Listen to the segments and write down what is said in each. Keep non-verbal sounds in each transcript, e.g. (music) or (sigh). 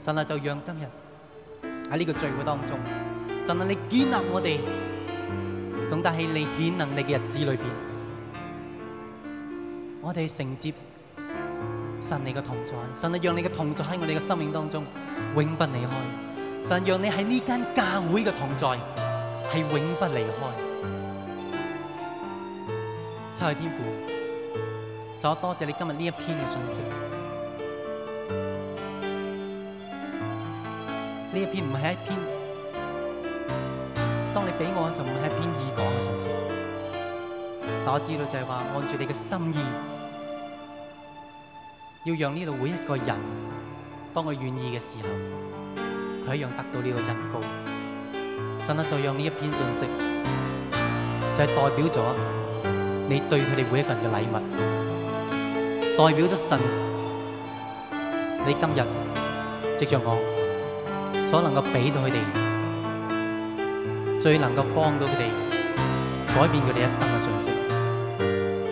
神啊，就讓今日喺呢個聚會當中，神啊，你建立我哋，懂得起你顯能力嘅日子裏邊，我哋承接神你嘅同在，神啊，讓你嘅同在喺我哋嘅生命當中永不離開。神，讓你喺呢間教會嘅同在係永不離開。七位天父，神我多謝你今日呢一篇嘅信息。呢一篇唔係一篇，當你畀我嗰陣，唔係一篇易講嘅信息，但我知道就係話按住你嘅心意，要讓呢度每一個人，當佢願意嘅時候，佢一樣得到呢個恩膏。神啊，就讓呢一篇信息，就係、是、代表咗你對佢哋每一個人嘅禮物，代表咗神，你今日藉著我，所能夠俾到佢哋，最能夠幫到佢哋改變佢哋一生嘅信息。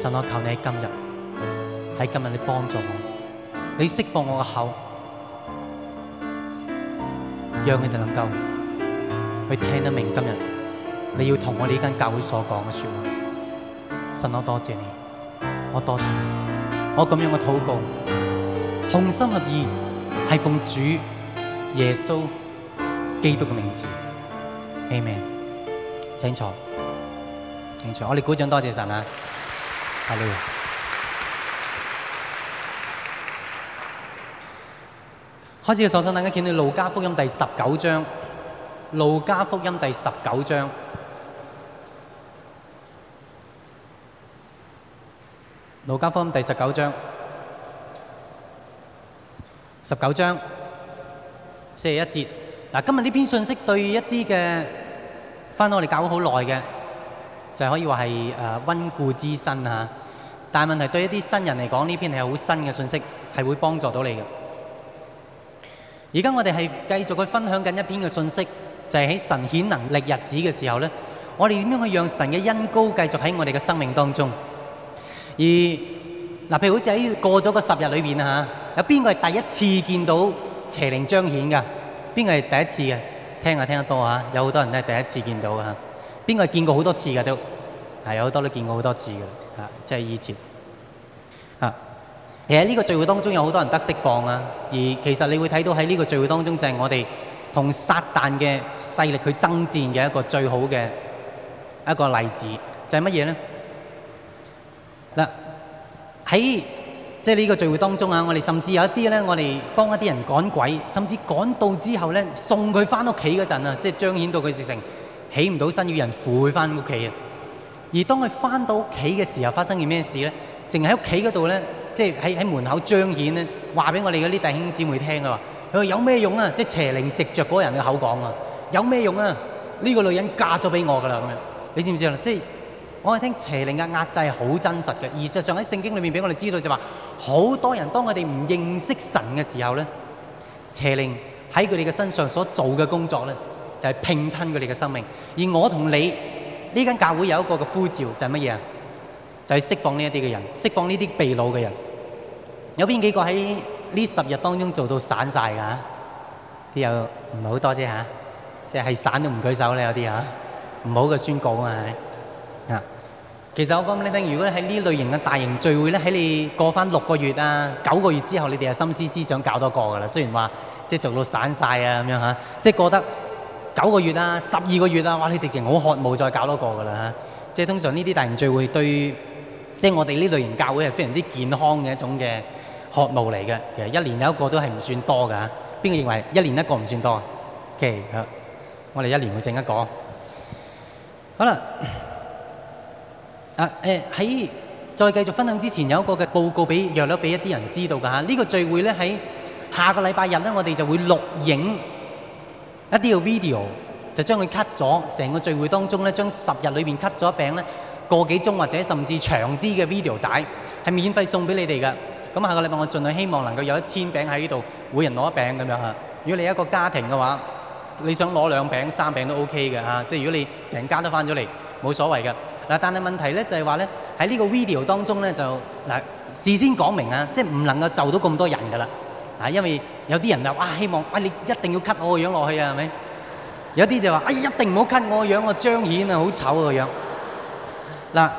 神，我求你喺今日，喺今日你幫助我，你釋放我嘅口，讓佢哋能夠去聽得明今日你要同我哋呢間教會所講嘅說話。神，我多謝你，我多謝你，我咁樣嘅禱告，同心合意係奉主耶穌。基督嘅名字，Amen！請坐，請坐，我哋鼓掌，多謝神啊！開始，手上大家見到《路加福音》第十九章，《路加福音》第十九章，《路加福音》第十九章，十九章四十一節。嗱，今日呢篇信息對一啲嘅返到我哋教會好耐嘅，就係可以話係誒溫故知新。啊！但係問題是對一啲新人嚟講，呢篇係好新嘅信息，係會幫助到你嘅。而家我哋係繼續去分享緊一篇嘅信息，就係、是、喺神顯能力日子嘅時候咧，我哋點樣去讓神嘅恩膏繼續喺我哋嘅生命當中？而嗱，譬如好似過咗個十日裏邊啊，有邊個係第一次見到邪靈彰顯㗎？邊個係第一次嘅？聽下、啊、聽得多嚇，有好多人都係第一次見到嚇。邊個係見過好多次嘅都？係有好多都見過好多次嘅嚇，即係以前嚇。其實呢個聚會當中，有好多人得釋放啊。而其實你會睇到喺呢個聚會當中，就係我哋同撒旦嘅勢力去爭戰嘅一個最好嘅一個例子，就係乜嘢咧？嗱喺即係呢個聚會當中啊，我哋甚至有一啲咧，我哋幫一啲人趕鬼，甚至趕到之後咧，送佢翻屋企嗰陣啊，即係彰顯到佢直情起唔到身，要人扶佢翻屋企啊。而當佢翻到屋企嘅時候，發生件咩事咧？淨喺屋企嗰度咧，即係喺喺門口彰顯咧，話俾我哋嗰啲弟兄姊妹聽嘅話，佢話有咩用啊？即係邪靈直着嗰個人嘅口講啊，有咩用啊？呢、呢個女人嫁咗俾我㗎啦，咁樣？你知唔知啊？即係。我哋聽邪靈嘅壓制係好真實嘅，而事實上喺聖經裏面俾我哋知道就話，好多人當佢哋唔認識神嘅時候咧，邪靈喺佢哋嘅身上所做嘅工作咧，就係拼吞佢哋嘅生命。而我同你呢間教會有一個嘅呼召就係乜嘢啊？就係、是、釋放呢一啲嘅人，釋放呢啲被擄嘅人。有邊幾個喺呢十日當中做到散晒噶？啲有唔係好多啫嚇，即係散都唔舉手咧，有啲嚇，唔好嘅宣告啊！其實我講俾你聽，如果喺呢類型嘅大型聚會咧，喺你過翻六個月啊、九個月之後，你哋係心思思想搞多個㗎啦。雖然話即係做到散晒啊咁樣吓，即係過得九個月啊、十二個月啊，哇！你哋仲好渴慕再搞多個㗎啦嚇。即係通常呢啲大型聚會對，即係我哋呢類型教會係非常之健康嘅一種嘅渴慕嚟嘅。其實一年有一個都係唔算多㗎嚇。邊個認為一年一個唔算多？OK 啊，我哋一年會整一個。好啦。啊誒，喺再繼續分享之前，有一個嘅報告俾約咗俾一啲人知道㗎嚇。呢、這個聚會咧喺下個禮拜日咧，我哋就會錄影一啲嘅 video，就將佢 cut 咗。成個聚會當中咧，將十日裏邊 cut 咗一餅咧，個幾鐘或者甚至長啲嘅 video 帶係免費送俾你哋㗎。咁下個禮拜我盡量希望能夠有一千餅喺呢度，每人攞一餅咁樣嚇。如果你一個家庭嘅話，你想攞兩餅三餅都 OK 嘅嚇、啊。即係如果你成家都翻咗嚟，冇所謂嘅。但係問題咧就係話咧，喺呢個 video 當中咧就嗱，事先講明啊，即係唔能夠就到咁多人噶啦，嗱，因為有啲人就哇，希望餵你一定要 cut 我個樣落去啊，係咪？有啲就話，哎，一定唔好 cut 我個樣子張很、啊，我彰顯啊，好醜個樣。嗱，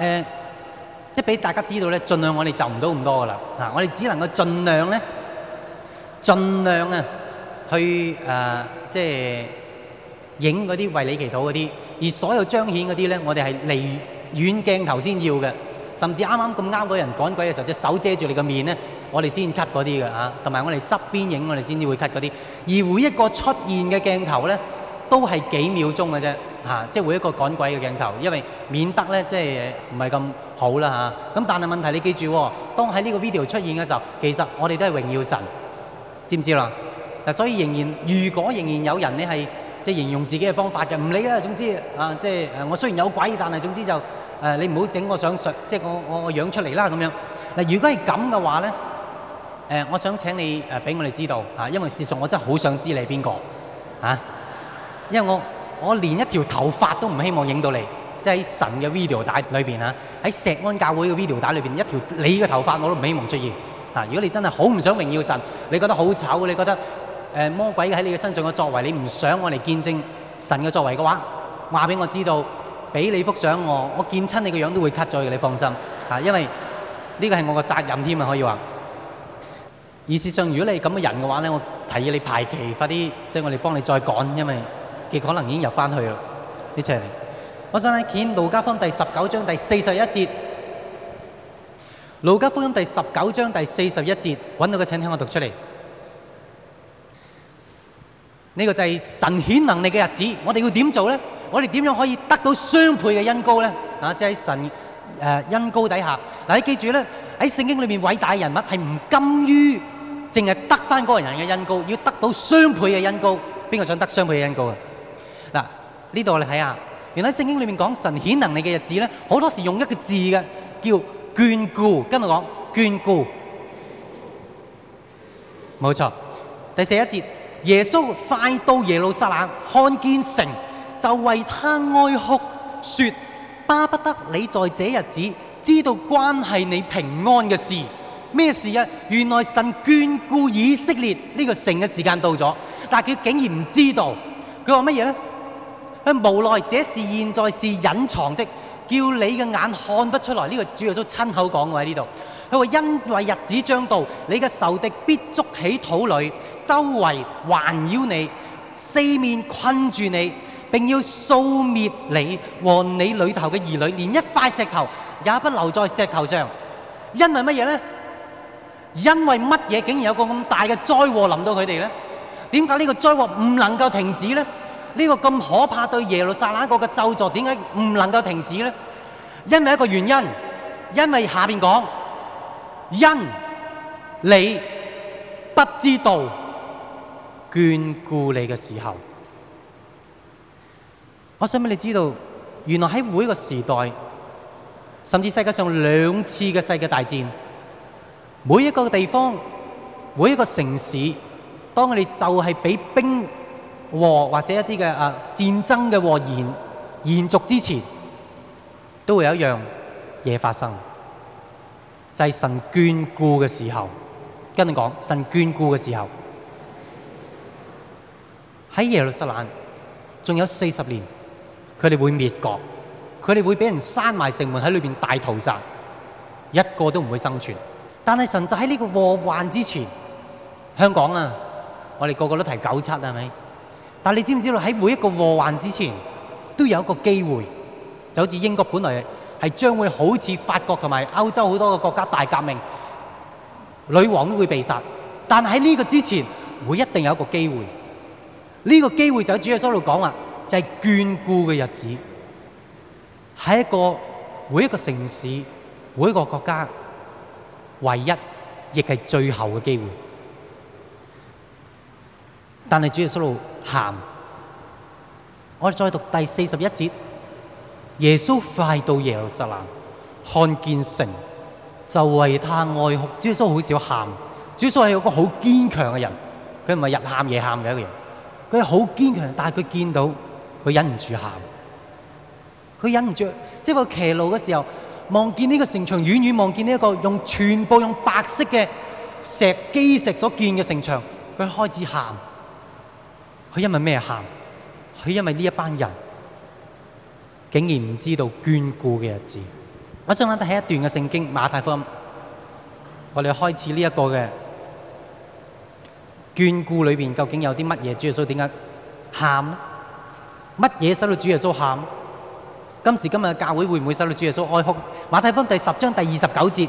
誒，即係俾大家知道咧，儘量我哋就唔到咁多噶啦，嗱，我哋只能夠儘量咧，儘量啊，去、呃、誒，即係。影嗰啲為你祈禱嗰啲，而所有彰顯嗰啲咧，我哋係離遠鏡頭先要嘅，甚至啱啱咁啱嗰人趕鬼嘅時候，隻手遮住你個面咧，我哋先 cut 嗰啲嘅嚇，同埋我哋側邊影我哋先至會 cut 嗰啲，而每一個出現嘅鏡頭咧，都係幾秒鐘嘅啫嚇，即係每一個趕鬼嘅鏡頭，因為免得咧即係唔係咁好啦嚇。咁但係問題你記住，當喺呢個 video 出現嘅時候，其實我哋都係榮耀神，知唔知啦？嗱，所以仍然如果仍然有人你係。即係形容自己嘅方法嘅，唔理啦。總之啊，即係誒，我、啊、雖然有鬼，但係總之就誒、啊，你唔好整我想，即係我我我樣出嚟啦咁樣。嗱，如果係咁嘅話咧，誒、啊，我想請你誒俾、啊、我哋知道啊，因為事實我真係好想知道你係邊個啊，因為我我連一條頭髮都唔希望影到你，即喺神嘅 video 帶裏邊啊，喺石安教會嘅 video 帶裏邊一條你嘅頭髮我都唔希望出現。嗱、啊，如果你真係好唔想榮耀神，你覺得好醜，你覺得，誒魔鬼喺你嘅身上嘅作為，你唔想我嚟見證神嘅作為嘅話，話俾我知道，俾你幅相我，我見親你個樣都會卡咗嘅，你放心，因為呢個係我個責任添，可以話。而事實，如果你咁嘅的人嘅話，我提議你排期快啲，即係我哋幫你再趕，因為結果可能已經入翻去啦。你我想睇路加福音第十九章第四十一節，《路加福音第十九章第四十一節，搵到嘅請聽我讀出嚟。呢個就係神顯能力嘅日子，我哋要點做咧？我哋點樣可以得到雙倍嘅恩膏咧？啊，即係神誒恩膏底下，嗱你記住咧，喺聖經裏面偉大人物係唔甘於淨係得返嗰個人嘅恩膏，要得到雙倍嘅恩膏，邊個想得雙倍嘅恩膏啊？嗱，呢度我哋睇下，原來聖經裏面講神顯能力嘅日子咧，好多時用一個字嘅叫眷顧，跟我講眷顧，冇錯，第四一節。耶穌快到耶路撒冷，看見城就為他哀哭，說：巴不得你在這日子知道關係你平安嘅事。咩事啊？原來神眷顧以色列呢、這個城嘅時間到咗，但他佢竟然唔知道。佢話乜嘢呢？他「他無奈，這事現在是隱藏的，叫你嘅眼看不出來。呢、這個主耶穌親口講喎喺呢度。佢話因為日子將到，你嘅仇敵必築起土壘。周圍環繞你，四面困住你，并要掃滅你和你裏頭嘅兒女，連一塊石頭也不留在石頭上。因為乜嘢呢？因為乜嘢竟然有個咁大嘅災禍臨到佢哋呢？點解呢個災禍唔能夠停止呢？呢個咁可怕對耶路撒冷國嘅咒詛，點解唔能夠停止呢？因為一個原因，因為下面講，因你不知道。眷顧你嘅時候，我想俾你知道，原來喺每一個時代，甚至世界上兩次嘅世界大戰，每一個地方，每一個城市，當佢哋就係俾兵禍或者一啲嘅啊戰爭嘅禍延延續之前，都會有一樣嘢發生，就係、是、神眷顧嘅時候。跟你講，神眷顧嘅時候。喺耶路撒冷，仲有四十年，佢哋會滅國，佢哋會俾人閂埋城門喺裏邊大屠殺，一個都唔會生存。但係神就喺呢個禍患之前，香港啊，我哋個個都提九七係咪？但係你知唔知道喺每一個禍患之前，都有一個機會，就好似英國本來係將會好似法國同埋歐洲好多個國家大革命，女王都會被殺。但係喺呢個之前，會一定有一個機會。呢、這個機會就喺主耶穌嗰度講喇，就係、是、眷顧嘅日子，係一個每一個城市、每一個國家唯一，亦係最後嘅機會。但係主耶穌度喊，我哋再讀第四十一節，耶穌快到耶路撒冷，看見城就為他哀哭。主耶穌好少喊，主耶穌係一個好堅強嘅人，佢唔係日喊夜喊嘅一個人。佢好堅強，但係佢見到佢忍唔住喊，佢忍唔住，即係佢騎驢嘅時候望見呢個城牆，遠遠望見呢個用全部用白色嘅石基石所建嘅城牆，佢開始喊。佢因為咩喊？佢因為呢一班人竟然唔知道眷顧的日子。我想講得係一段嘅聖經，馬太福音，我哋開始呢一個嘅。眷顧裏面究竟有啲乜嘢主耶穌？點解喊？乜嘢使到主耶穌喊？今時今日嘅教會會唔會使到主耶穌哀哭？馬太福音第十章第二十九節，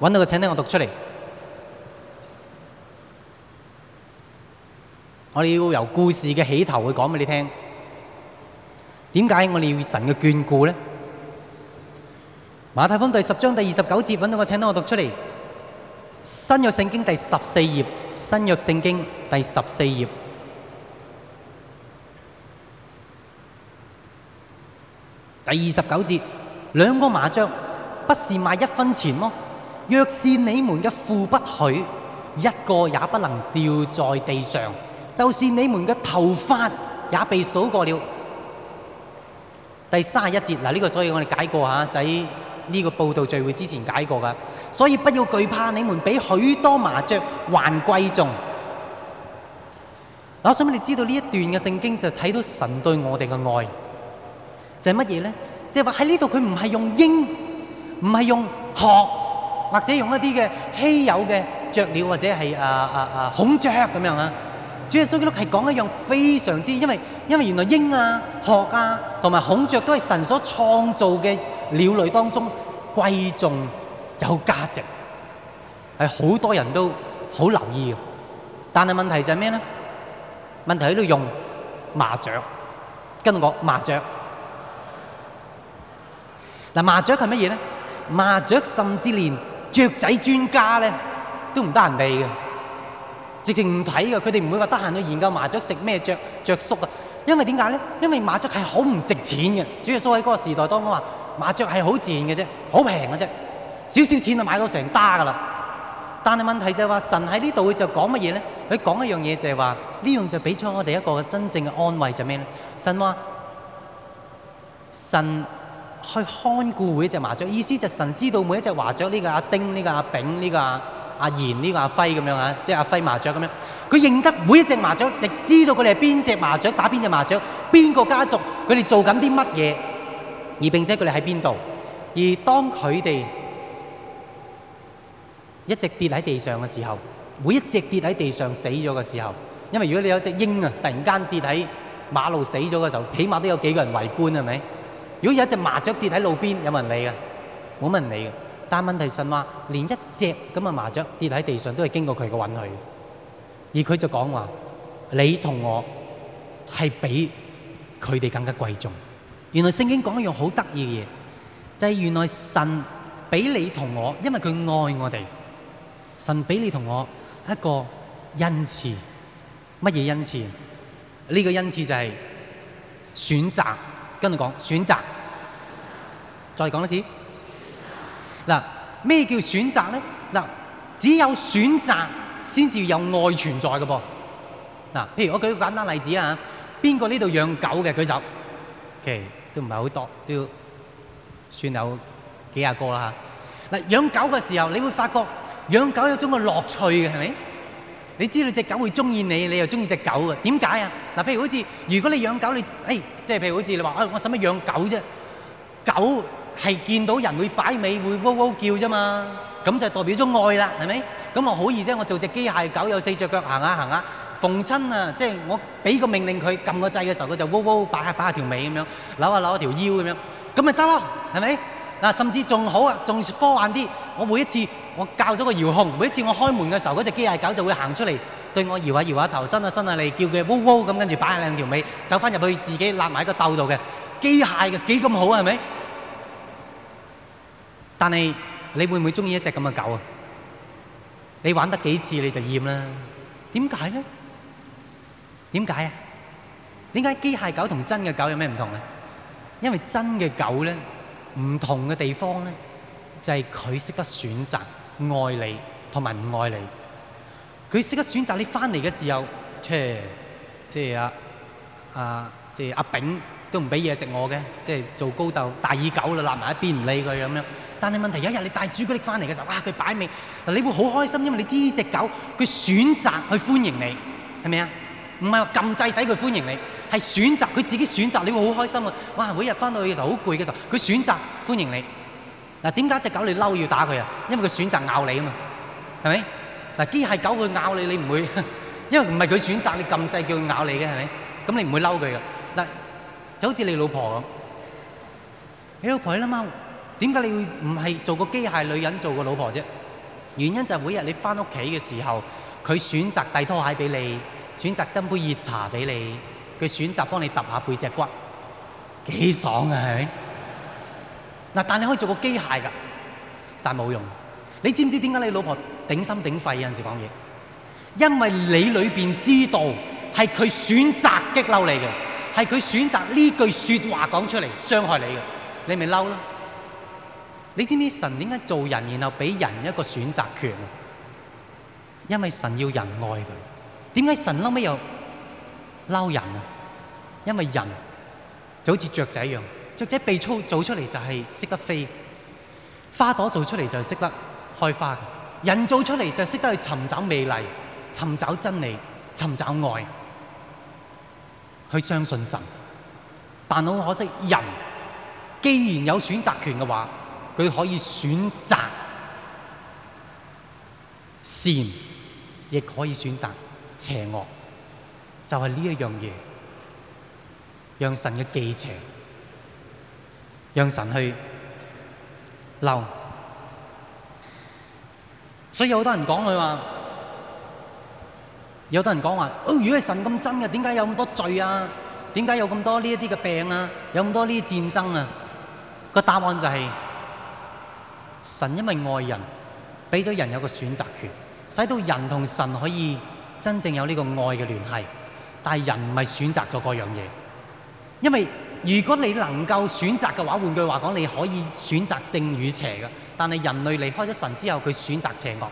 揾到個請聽我讀出嚟。我哋要由故事嘅起頭去講俾你聽。點解我哋要神嘅眷顧咧？馬太福音第十章第二十九節，揾到個請聽我讀出嚟。新約聖經第十四頁，新約聖經第十四頁，第二十九節，兩個麻雀不是賣一分錢嗎？若是你們嘅父不許一個也不能掉在地上，就是你們嘅頭髮也被數過了。第三十一節，嗱、這、呢個所以我哋解過吓，仔。呢個報導聚會之前解過噶，所以不要懼怕，你們比許多麻雀還貴重。我想畀你知道呢一段嘅聖經就睇到神對我哋嘅愛，就係乜嘢咧？即係話喺呢度佢唔係用鷹，唔係用鶴，或者用一啲嘅稀有嘅雀鳥或者係啊啊啊孔雀咁樣啊。主耶穌基督係講一樣非常之，因為因為原來鷹啊、鶴啊同埋孔雀都係神所創造嘅。鳥類當中貴重有價值，係好多人都好留意嘅。但係問題就係咩咧？問題喺度用麻雀，跟住講麻雀嗱，麻雀係乜嘢咧？麻雀甚至連雀仔專家咧都唔得閒哋嘅，直情唔睇嘅。佢哋唔會話得閒去研究麻雀食咩雀雀粟啊，因為點解咧？因為麻雀係好唔值錢嘅，主要蘇喺嗰個時代當中話。麻雀係好自然嘅啫，好平嘅啫，少少錢就買到成打㗎喇。但係問題就係、是、話，神喺呢度就講乜嘢呢？佢講一樣嘢就係、是、話，呢樣就俾咗我哋一個真正嘅安慰，就咩呢？神話神去看顧每隻麻雀，意思就是神知道每一隻麻雀，呢、這個阿丁、呢、這個阿炳、呢、這個阿阿賢、呢、這個阿輝咁、這個這個、樣啊，即係阿輝麻雀咁樣。佢認得每一隻麻雀，亦知道佢哋係邊隻麻雀，打邊隻麻雀，邊個家族，佢哋做緊啲乜嘢。而並且佢哋喺邊度？而當佢哋一直跌喺地上嘅時候，每一隻跌喺地上死咗嘅時候，因為如果你有隻鷹啊，突然間跌喺馬路死咗嘅時候，起碼都有幾個人圍觀，係咪？如果有一隻麻雀跌喺路邊，有冇人理嘅？冇人理嘅。但問題係話連一隻咁嘅麻雀跌喺地上都係經過佢嘅允許，而佢就講話：你同我係比佢哋更加貴重。原來聖經講一樣好得意嘅嘢，就是原來神畀你同我，因為佢愛我哋，神畀你同我一個恩賜。乜嘢恩賜？呢個恩賜就是選擇，跟住講選擇，再講一次。咩叫選擇呢？只有選擇先至有愛存在嘅噃。譬如我舉個簡單例子啊，邊個呢度養狗嘅舉手？OK。都唔係好多，都要算有幾廿個啦。嗱，養狗嘅時候，你會發覺養狗有種嘅樂趣嘅，係咪？你知道隻狗會中意你，你又中意隻狗嘅，點解啊？嗱，譬如好似如果你養狗，你誒，即係譬如好似你話，啊，我使乜養狗啫？狗係見到人會擺尾，會嗚嗚叫啫嘛，咁就代表咗愛啦，係咪？咁我好易啫，我做隻機械狗，有四隻腳行下行下！逢親啊，即係我畀個命令佢撳個掣嘅時候，佢就 wo wo 擺下擺下條尾咁樣，扭下扭下條腰咁樣，咁咪得咯，係咪？嗱，甚至仲好啊，仲科幻啲。我每一次我教咗個遙控，每一次我開門嘅時候，嗰隻機械狗就會行出嚟對我搖下搖下頭，伸下伸下脷，叫佢 wo wo 咁，跟住擺下兩條尾，走翻入去自己臘埋喺個竇度嘅機械嘅幾咁好啊，係咪？但係你會唔會中意一隻咁嘅狗啊？你玩得幾次你就厭啦，點解咧？點解啊？點解機械狗同真嘅狗有咩唔同咧？因為真嘅狗咧，唔同嘅地方咧，就係佢識得選擇愛你同埋唔愛你。佢識得選擇你翻嚟嘅時候，即係即係阿阿即係阿炳都唔俾嘢食我嘅，即係做高竇大耳狗啦，攔埋一邊唔理佢咁樣。但係問題有一日你帶朱古力翻嚟嘅時候，哇！佢擺尾嗱，你會好開心，因為你知呢隻狗佢選擇去歡迎你，係咪啊？唔係話禁制使佢歡迎你，係選擇佢自己選擇，你會好開心啊！哇！每日翻到去嘅時候好攰嘅時候，佢選擇歡迎你。嗱點解隻狗你嬲要打佢啊？因為佢選擇咬你啊嘛，係咪？嗱，機械狗佢咬你，你唔會，因為唔係佢選擇，你禁制叫佢咬你嘅，係咪？咁你唔會嬲佢嘅。嗱，就好似你老婆咁，你老婆你諗下，點解你會唔係做個機械女人做個老婆啫？原因就係每日你翻屋企嘅時候，佢選擇遞拖鞋俾你。選擇斟杯熱茶俾你，佢選擇幫你揼下背脊骨，幾爽啊係咪？嗱，但你可以做個機械噶，但冇用。你知唔知點解你老婆頂心頂肺有陣時講嘢？因為你裏邊知道係佢選擇激嬲你嘅，係佢選擇呢句話說話講出嚟傷害你嘅，你咪嬲咯。你知唔知道神點解做人然後俾人一個選擇權？因為神要人愛佢。點解神撈尾又撈人呢？因為人就好似雀仔一樣，雀仔被造出嚟就係識得飛；花朵造出嚟就識得開花；人造出嚟就識得去尋找美麗、尋找真理、尋找愛，去相信神。但好可惜人，人既然有選擇權嘅話，佢可以選擇善，亦可以選擇善。邪惡就係呢一樣嘢，讓神嘅忌邪，讓神去鬧。所以有好多人講佢話，有得人講話，哦，如果是神咁真嘅，點解有咁多罪啊？點解有咁多呢些啲嘅病啊？有咁多呢啲戰爭啊？個答案就係神因為愛人，俾咗人有個選擇權，使到人同神可以。真正有呢個愛嘅聯繫，但係人唔係選擇咗嗰樣嘢，因為如果你能夠選擇嘅話，換句話講，你可以選擇正與邪嘅。但係人類離開咗神之後，佢選擇邪惡，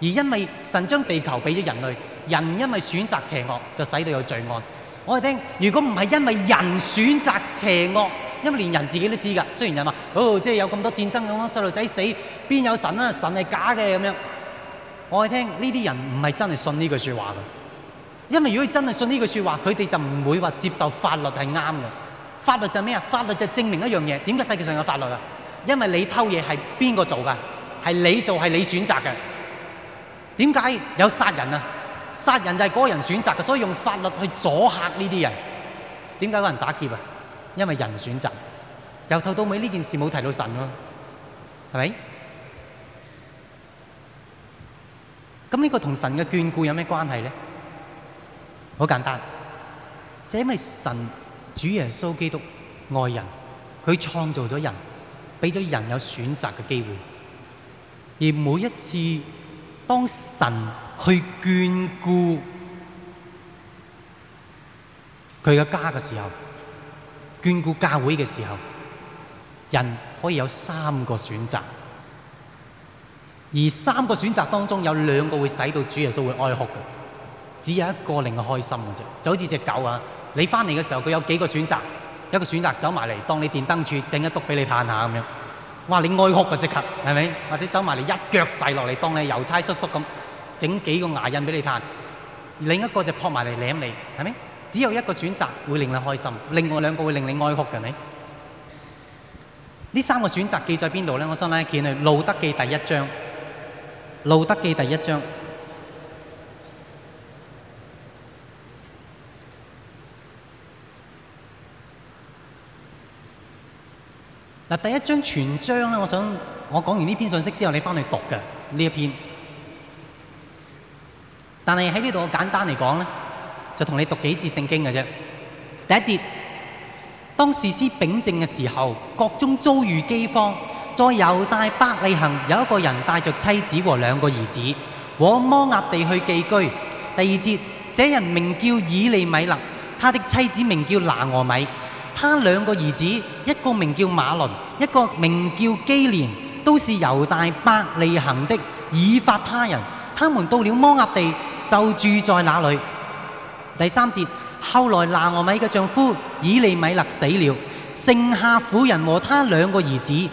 而因為神將地球俾咗人類，人因為選擇邪惡就使到有罪案。我哋聽，如果唔係因為人選擇邪惡，因為連人自己都知㗎。雖然人話，哦，即係有咁多戰爭，咁樣，細路仔死，邊有神啊？神係假嘅咁樣。我聽呢啲人唔係真係信呢句說話嘅，因為如果真係信呢句說話，佢哋就唔會話接受法律係啱嘅。法律就係咩啊？法律就證明一樣嘢。點解世界上有法律啊？因為你偷嘢係邊個做噶？係你做，係你選擇嘅。點解有殺人啊？殺人就係嗰人選擇嘅，所以用法律去阻嚇呢啲人。點解有人打劫啊？因為人選擇。由頭到尾呢件事冇提到神喎，係咪？咁、這、呢個同神嘅眷顧有咩關係呢？好簡單，就是、因為神主耶穌基督愛人，佢創造咗人，俾咗人有選擇嘅機會。而每一次當神去眷顧佢嘅家嘅時候，眷顧教會嘅時候，人可以有三個選擇。而三個選擇當中，有兩個會使到主耶穌會哀哭嘅，只有一個令你開心嘅啫。就好似隻狗啊，你翻嚟嘅時候，佢有幾個選擇？一個選擇走埋嚟當你電燈柱，整一篤俾你嘆下咁樣，哇！你哀哭嘅即刻，係咪？或者走埋嚟一腳曬落嚟當你郵差叔叔咁，整幾個牙印俾你嘆。另一個就撲埋嚟舐你，係咪？只有一個選擇會令你開心，另外兩個會令你哀哭嘅，係咪？呢三個選擇記在邊度咧？我想咧見喺路德記第一章。《路德記》第一章，第一章全章，我想我講完呢篇信息之後，你返去讀嘅呢一篇。但係喺呢度簡單嚟講咧，就同你讀幾節聖經啫。第一節，當士師秉政嘅時候，各中遭遇饑荒。在猶大伯利恆有一個人帶着妻子和兩個兒子往摩押地去寄居。第二節，這人名叫以利米勒，他的妻子名叫拿俄米，他兩個兒子一個名叫馬倫，一個名叫基連，都是猶大伯利恆的以法他人。他們到了摩押地就住在那裏。第三節，後來拿俄米嘅丈夫以利米勒死了，剩下婦人和他兩個兒子。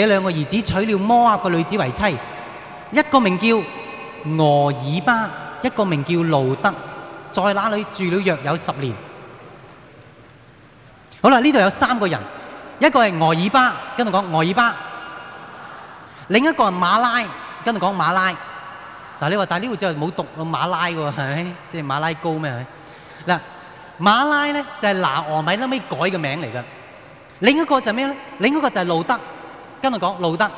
這兩個兒子娶了摩押的女子為妻，一個名叫跟我講，路德，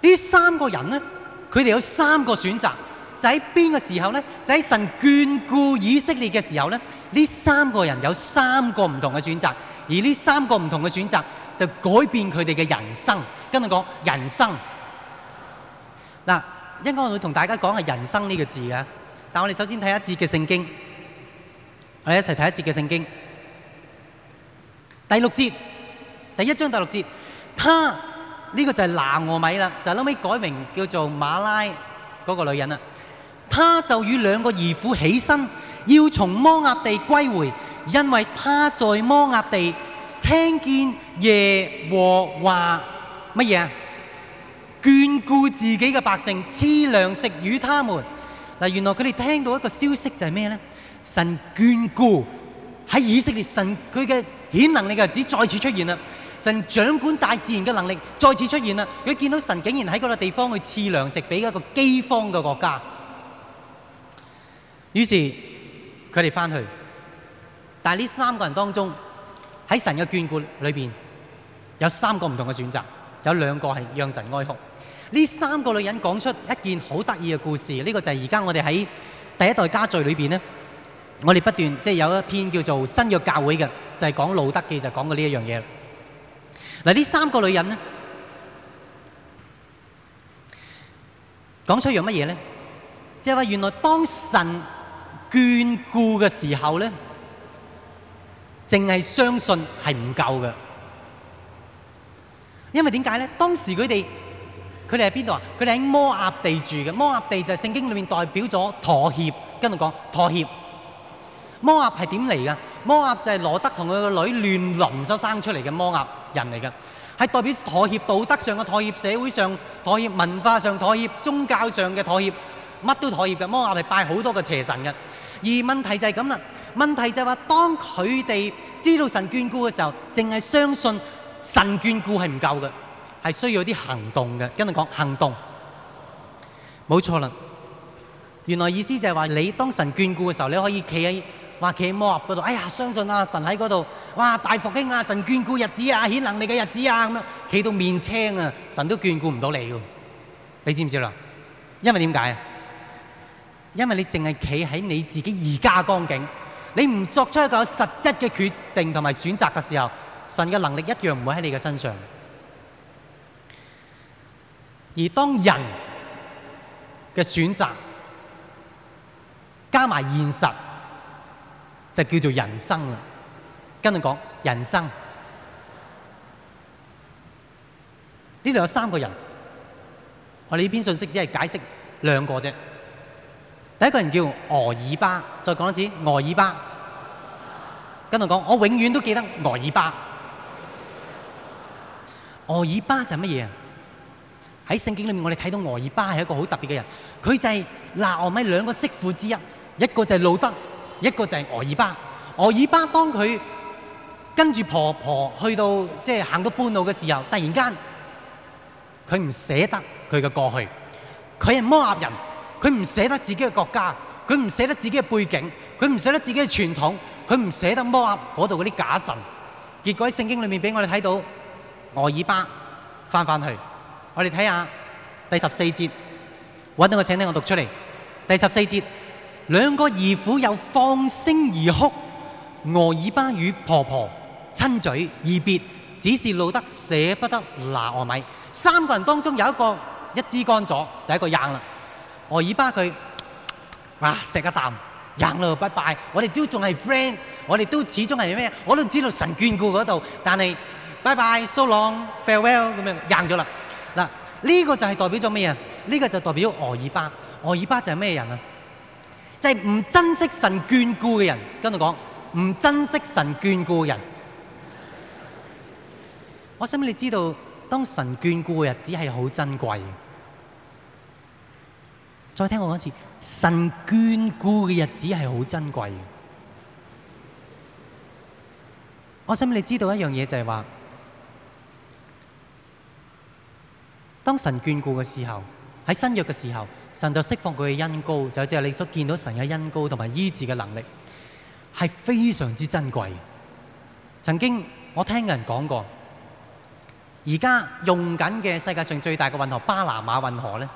呢三個人咧，佢哋有三個選擇，就喺邊個時候咧，就喺神眷顧以色列嘅時候咧，呢三個人有三個唔同嘅選擇，而呢三個唔同嘅選擇就改變佢哋嘅人生。跟我講，人生。嗱，應該我會同大家講下人生呢個字嘅，但我哋首先睇一節嘅聖經，我哋一齊睇一節嘅聖經，第六節，第一章第六節。他呢，這個就係拿俄米啦，就後屘改名叫做馬拉嗰個女人啦。她就與兩個兒婦起身，要從摩押地歸回，因為她在摩押地聽見耶和華乜嘢啊？眷顧自己嘅百姓，賜糧食與他們。嗱，原來佢哋聽到一個消息就係咩咧？神眷顧喺以色列，神佢嘅顯能力嘅日子再次出現啦。神掌管大自然嘅能力再次出現啦！佢見到神竟然喺嗰個地方去賜糧食俾一個饑荒嘅國家，於是佢哋翻去。但係呢三個人當中，喺神嘅眷顧裏邊，有三個唔同嘅選擇，有兩個係讓神哀哭。呢三個女人講出一件好得意嘅故事，呢個就係而家我哋喺第一代家罪裏邊呢，我哋不斷，即係有一篇叫做《新約教會》嘅，就係講路得記就講過呢一樣嘢。嗱，呢三個女人呢，講出一樣乜嘢呢？即係話原來當神眷顧嘅時候呢，淨係相信係唔夠嘅，因為點解呢？當時佢哋佢哋喺邊度啊？佢哋喺摩押地住嘅，摩押地就係聖經裏面代表咗妥協，跟我講妥協。摩押係點嚟㗎？摩押就係羅德同佢個女亂倫所生出嚟嘅摩押人嚟㗎，係代表妥協道德上嘅妥協，社會上妥協，文化上妥協，宗教上嘅妥協，乜都妥協㗎。摩押係拜好多個邪神㗎。而問題就係咁啦，問題就係話當佢哋知道神眷顧嘅時候，淨係相信神眷顧係唔夠㗎，係需要啲行動㗎。跟住講行動，冇錯啦。原來意思就係話你當神眷顧嘅時候，你可以企喺。話企喺摩押嗰度，哎呀，相信啊，神喺嗰度，哇！大復興啊，神眷顧日子啊，顯能力嘅日子啊，咁樣企到面青啊，神都眷顧唔到你㗎，你知唔知啦？因為點解啊？因為你淨係企喺你自己而家光景，你唔作出一個實質嘅決定同埋選擇嘅時候，神嘅能力一樣唔會喺你嘅身上。而當人嘅選擇加埋現實，就叫做人生了，跟佢講人生。呢度有三個人，我哋呢篇信息只係解釋兩個啫。第一個人叫俄珥巴，再講一次俄珥巴，跟佢講我永遠都記得俄珥巴。俄珥巴就係乜嘢？喺聖經裏面，我哋睇到俄珥巴係一個好特別嘅人，佢就係拿俄米兩個媳婦之一，一個就係路德。一個就係俄珥巴。俄珥巴當佢跟住婆婆去到即係行到半路嘅時候，突然間佢唔捨得佢嘅過去，佢係摩押人，佢唔捨得自己嘅國家，佢唔捨得自己嘅背景，佢唔捨得自己嘅傳統，佢唔捨得摩押嗰度嗰啲假神，結果喺聖經裏面俾我哋睇到俄珥巴返返去，我哋睇下第十四節，揾到我請聽我讀出嚟，第十四節。兩個姨父又放聲而哭，俄珥巴與婆婆親嘴而別，只是路得捨不得拿俄米。三個人當中有一個一支乾咗，第一個扔啦。俄珥巴佢啊食個啖扔啦，拜拜。我哋都仲係 friend，我哋都始終係咩？我都知道神眷顧嗰度，但係拜拜，so long，farewell，咁樣扔咗啦。嗱，呢、這個就係代表咗咩嘢？呢、這個就代表了俄珥巴。俄珥巴就係咩人啊？就係唔珍惜神眷顧嘅人，跟住講唔珍惜神眷顧嘅人。我想俾你知道，當神眷顧嘅日子係好珍貴。再聽我講一次，神眷顧嘅日子係好珍貴。我想俾你知道一樣嘢，就係話，當神眷顧嘅時候，喺新約嘅時候，神就釋放佢嘅恩膏，就即係你所見到神嘅恩膏同埋醫治嘅能力，係非常之珍貴。曾經我聽人講過，而家用緊嘅世界上最大嘅運河——巴拿馬運河咧，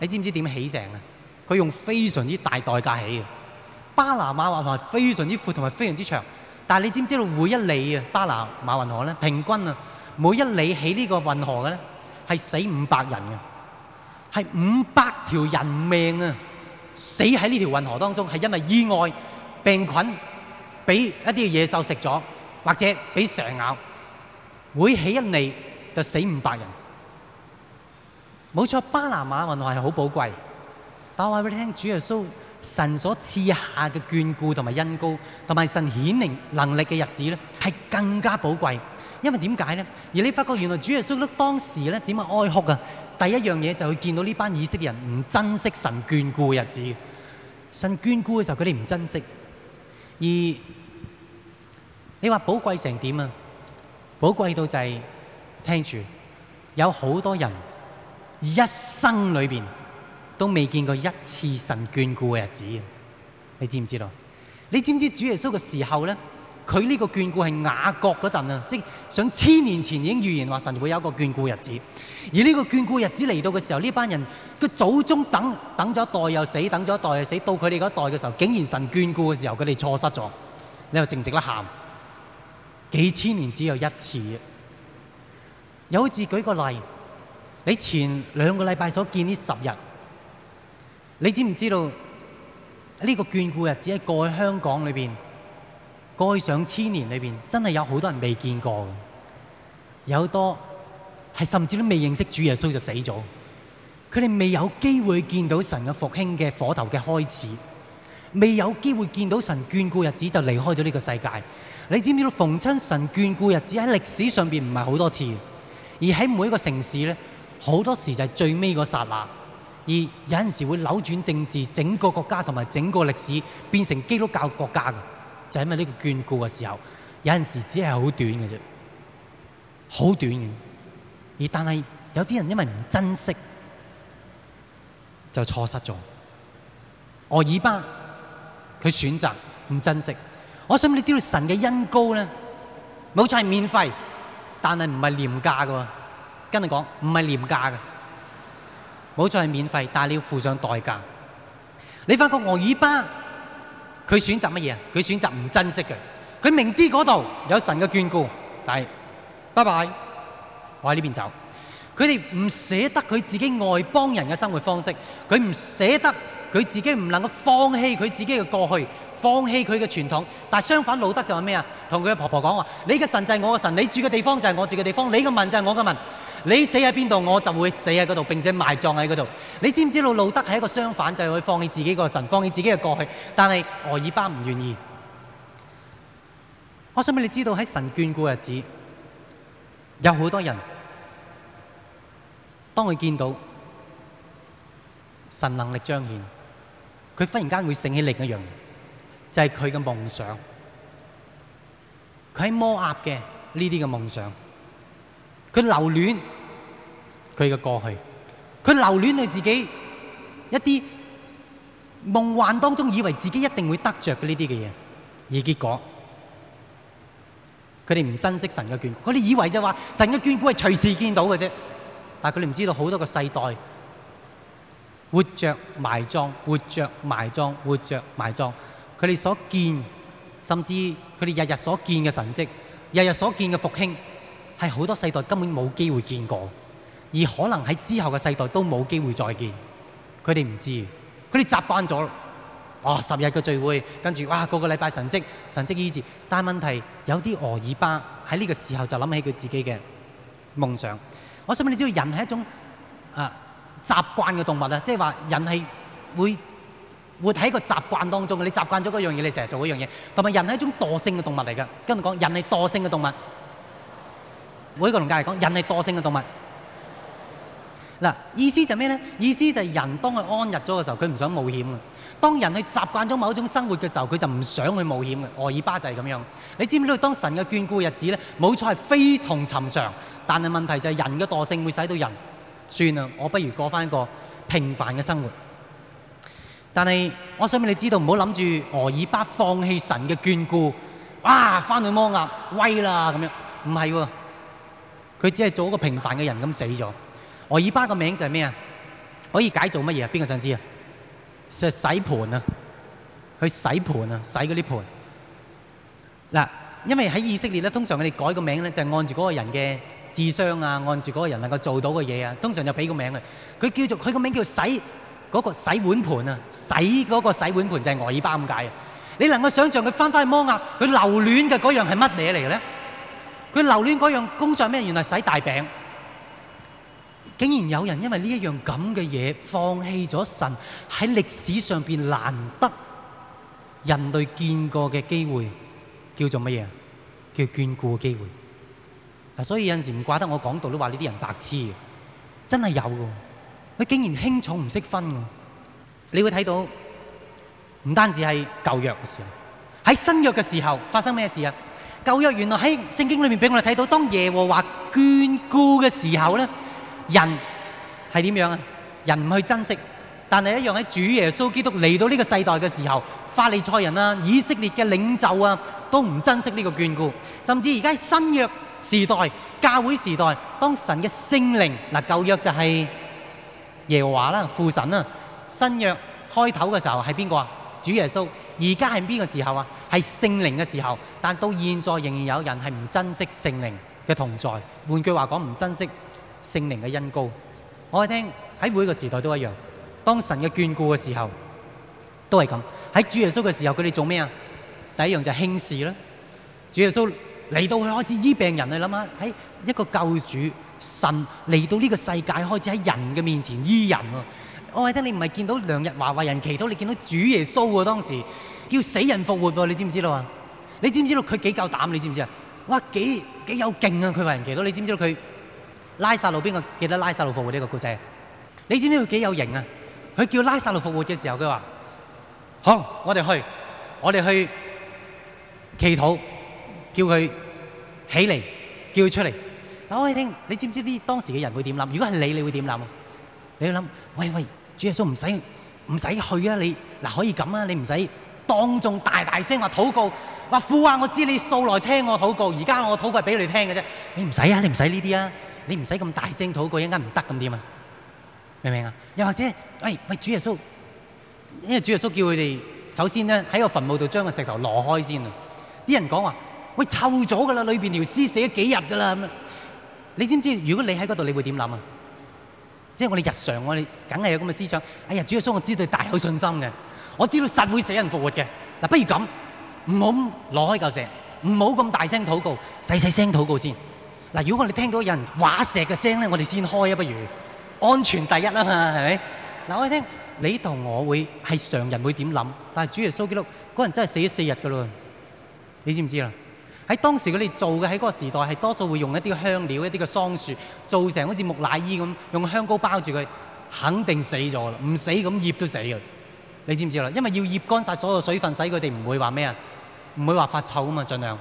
你知唔知點起成啊？佢用非常之大代價起嘅。巴拿馬運河係非常之闊同埋非常之長，但係你知唔知道每一里啊巴拿馬運河咧，平均啊每一里起呢個運河嘅咧，係死五百人嘅。係五百條人命啊！死喺呢條運河，當中，係因為意外、病菌，俾一啲野獸食咗，或者俾蛇咬，每起一哩就死五百人。冇錯，巴拿馬運河係好寶貴，但我話俾你聽，主耶穌神所賜下嘅眷顧同埋恩膏，同埋神顯明能力嘅日子咧，係更加寶貴。因為點解咧？而你發覺原來主耶穌咧當時咧點樣哀哭啊？第一樣嘢就會見到呢班以色列人唔珍惜神眷顧嘅日子，神眷顧嘅時候佢哋唔珍惜，而你話寶貴成點啊？寶貴到就滯，聽住有好多人一生裏面都未見過一次神眷顧嘅日子，你知唔知道？你知唔知道主耶穌嘅時候咧？佢呢個眷顧係雅各嗰陣啊，即係上千年前已經預言話神會有一個眷顧日子，而呢個眷顧日子嚟到嘅時候，呢班人嘅祖宗等等咗一代又死，等咗一代又死，到佢哋嗰代嘅時候，竟然神眷顧嘅時候，佢哋錯失咗，你又值唔值得喊？幾千年只有一次，有好似舉個例，你前兩個禮拜所見呢十日，你知唔知道呢個眷顧日子喺過去香港裏邊？過去上千年裏邊，真係有好多人未見過嘅，有好多係甚至都未認識主耶穌就死咗，佢哋未有機會見到神嘅復興嘅火頭嘅開始，未有機會見到神眷顧日子就離開咗呢個世界。你知唔知道逢親神眷顧日子喺歷史上邊唔係好多次，而喺每一個城市咧，好多時就係最尾個剎那，而有陣時會扭轉政治，整個國家同埋整個歷史變成基督教國家嘅。就係因為呢個眷顧嘅時候，有陣時只係好短嘅啫，好短嘅。而但係有啲人因為唔珍惜，就錯失咗俄珥巴。佢選擇唔珍惜，我想你知道神嘅恩膏咧，冇錯係免費，但係唔係廉價嘅。跟你講，唔係廉價嘅。冇錯係免費，但係你要付上代價。你發覺俄珥巴。佢選擇乜嘢啊？佢選擇唔珍惜佢。佢明知嗰度有神嘅眷顧，但係，拜拜，我喺呢邊走。佢哋唔捨得佢自己外邦人嘅生活方式，佢唔捨得佢自己唔能夠放棄佢自己嘅過去，放棄佢嘅傳統。但係相反，路得就話咩啊？同佢嘅婆婆講話：你嘅神就係我嘅神，你住嘅地方就係我住嘅地方，你嘅民就係我嘅民。」你死喺邊度，我就會死喺嗰度，並且埋葬喺嗰度。你知唔知道路德係一個相反，就係會放棄自己個神，放棄自己嘅過去。但係俄珥巴唔願意。我想俾你知道喺神眷顧的日子，有好多人當佢見到神能力彰顯，佢忽然間會醒起另一樣，就係佢嘅夢想。佢喺摩押嘅呢啲嘅夢想。佢留戀佢嘅過去，佢留戀佢自己一啲夢幻當中以為自己一定會得着嘅呢啲嘅嘢，而結果佢哋唔珍惜神嘅眷顧，佢哋以為就話神嘅眷顧係隨時見到嘅啫，但係佢哋唔知道好多個世代活着埋葬，活着埋葬，活着埋葬，佢哋所見甚至佢哋日日所見嘅神蹟，日日所見嘅復興。係好多世代根本冇機會見過，而可能喺之後嘅世代都冇機會再見。佢哋唔知，佢哋習慣咗。哦，十日嘅聚會，跟住哇，個個禮拜神蹟、神蹟醫治。但問題有啲俄珥巴喺呢個時候就諗起佢自己嘅夢想。我想問你，知道人係一種啊習慣嘅動物啊，即係話人係會會喺個習慣當中，你習慣咗嗰樣嘢，你成日做嗰樣嘢。同埋人係一種惰性嘅動物嚟嘅，跟住講人係惰性嘅動物。每我依個同教嚟講，人係惰性嘅動物。意思就咩呢？意思就係人當佢安逸咗嘅時候，佢唔想冒險嘅。當人去習慣咗某種生活嘅時候，佢就唔想去冒險嘅。俄珥巴就係咁樣。你知唔知道當神嘅眷顧的日子咧，冇錯係非同尋常。但係問題就係人嘅惰性會使到人算啦，我不如過返一個平凡嘅生活。但係我想俾你知道，唔好諗住俄珥巴放棄神嘅眷顧，哇，返去摩押威啦咁樣，唔係喎。佢只係做一個平凡嘅人咁死咗。俄珥巴個名就係咩啊？可以解做乜嘢啊？邊個想知啊？就洗盤啊，去洗盤啊，洗嗰啲盤。嗱，因為喺以色列咧，通常佢哋改個名咧，就按住嗰個人嘅智商啊，按住嗰個人能夠做到嘅嘢啊，通常就俾個名佢。佢叫做佢個名叫洗嗰個洗碗盤啊，洗嗰個洗碗盤就係俄珥巴咁解。你能夠想象佢翻返去摩亞，佢留戀嘅嗰樣係乜嘢嚟嘅咧？佢留戀嗰樣工作係咩？原來使大餅，竟然有人因為呢一樣咁嘅嘢，放棄咗神喺歷史上難得人類見過嘅機會，叫做乜嘢？叫眷顧嘅機會。所以有時候唔怪得我講到都話呢啲人白痴，真係有的有嘅。佢竟然輕重唔識分。你會睇到，唔單止係舊約嘅時候，喺新約嘅時候發生咩事啊？舊約原來喺聖經裏面俾我哋睇到，當耶和華眷顧嘅時候咧，人係點樣啊？人唔去珍惜，但係一樣喺主耶穌基督嚟到呢個世代嘅時候，法利賽人啊、以色列嘅領袖啊，都唔珍惜呢個眷顧。甚至而家新約時代、教會時代，當神嘅聖靈嗱，舊約就係耶和華啦、父神啦，新約開頭嘅時候係邊個啊？主耶穌。而家係邊個時候啊？係聖靈嘅時候，但到現在仍然有人係唔珍惜聖靈嘅同在。換句話講，唔珍惜聖靈嘅恩膏。我哋聽喺每個時代都一樣，當神嘅眷顧嘅時候，都係咁。喺主耶穌嘅時候，佢哋做咩啊？第一樣就係輕視啦。主耶穌嚟到去開始醫病人，你諗下喺一個救主神嚟到呢個世界，開始喺人嘅面前醫人啊。我喺度，你唔係見到梁日華為人祈禱，你見到主耶穌喎？當時叫死人復活喎？你知唔知道啊？你知唔知道佢幾夠膽？你知唔知啊？哇，幾幾有勁啊！佢為人祈禱，你知唔知道佢拉撒路邊個記得拉撒路復活呢個故仔？你知唔知道佢幾有型啊？佢叫拉撒路復活嘅時候，佢話：好，我哋去，我哋去祈禱，叫佢起嚟，叫佢出嚟。我喺度，你知唔知啲當時嘅人會點諗？如果係你，你會點諗？你要諗，喂喂。主耶穌唔使唔使去啊！你嗱可以咁啊！你唔使當眾大大聲話禱告，話父啊！我知你素來聽我禱告，而家我禱告俾你聽嘅啫。你唔使啊！你唔使呢啲啊！你唔使咁大聲禱告，應該唔得咁點啊？明唔明啊？又或者，喂喂，主耶穌，因為主耶穌叫佢哋首先咧喺個墳墓度將個石頭攞開先啊！啲人講話，喂臭咗噶啦，裏邊條屍死咗幾日噶啦咁啊！你知唔知如果你喺嗰度，你會點諗啊？即係我哋日常，我哋梗係有咁嘅思想。哎呀，主耶穌，我知道你大有信心嘅，我知道實會死人復活嘅。嗱，不如咁，唔好攞開嚿石，唔好咁大聲禱告，細細聲禱告先。嗱，如果我哋聽到有人話石嘅聲咧，我哋先開啊，不如安全第一啊嘛，係咪？嗱，我哋聽，你同我會係常人會點諗？但係主耶穌基督嗰人真係死咗四日噶啦，你知唔知啊？喺當時佢哋做嘅，喺嗰個時代係多數會用一啲香料、一啲嘅桑樹做成好似木乃伊咁，用香膏包住佢，肯定死咗啦，唔死咁醃都死㗎。你知唔知啦？因為要醃乾晒所有水分，使佢哋唔會話咩啊，唔會話發臭啊嘛，儘量。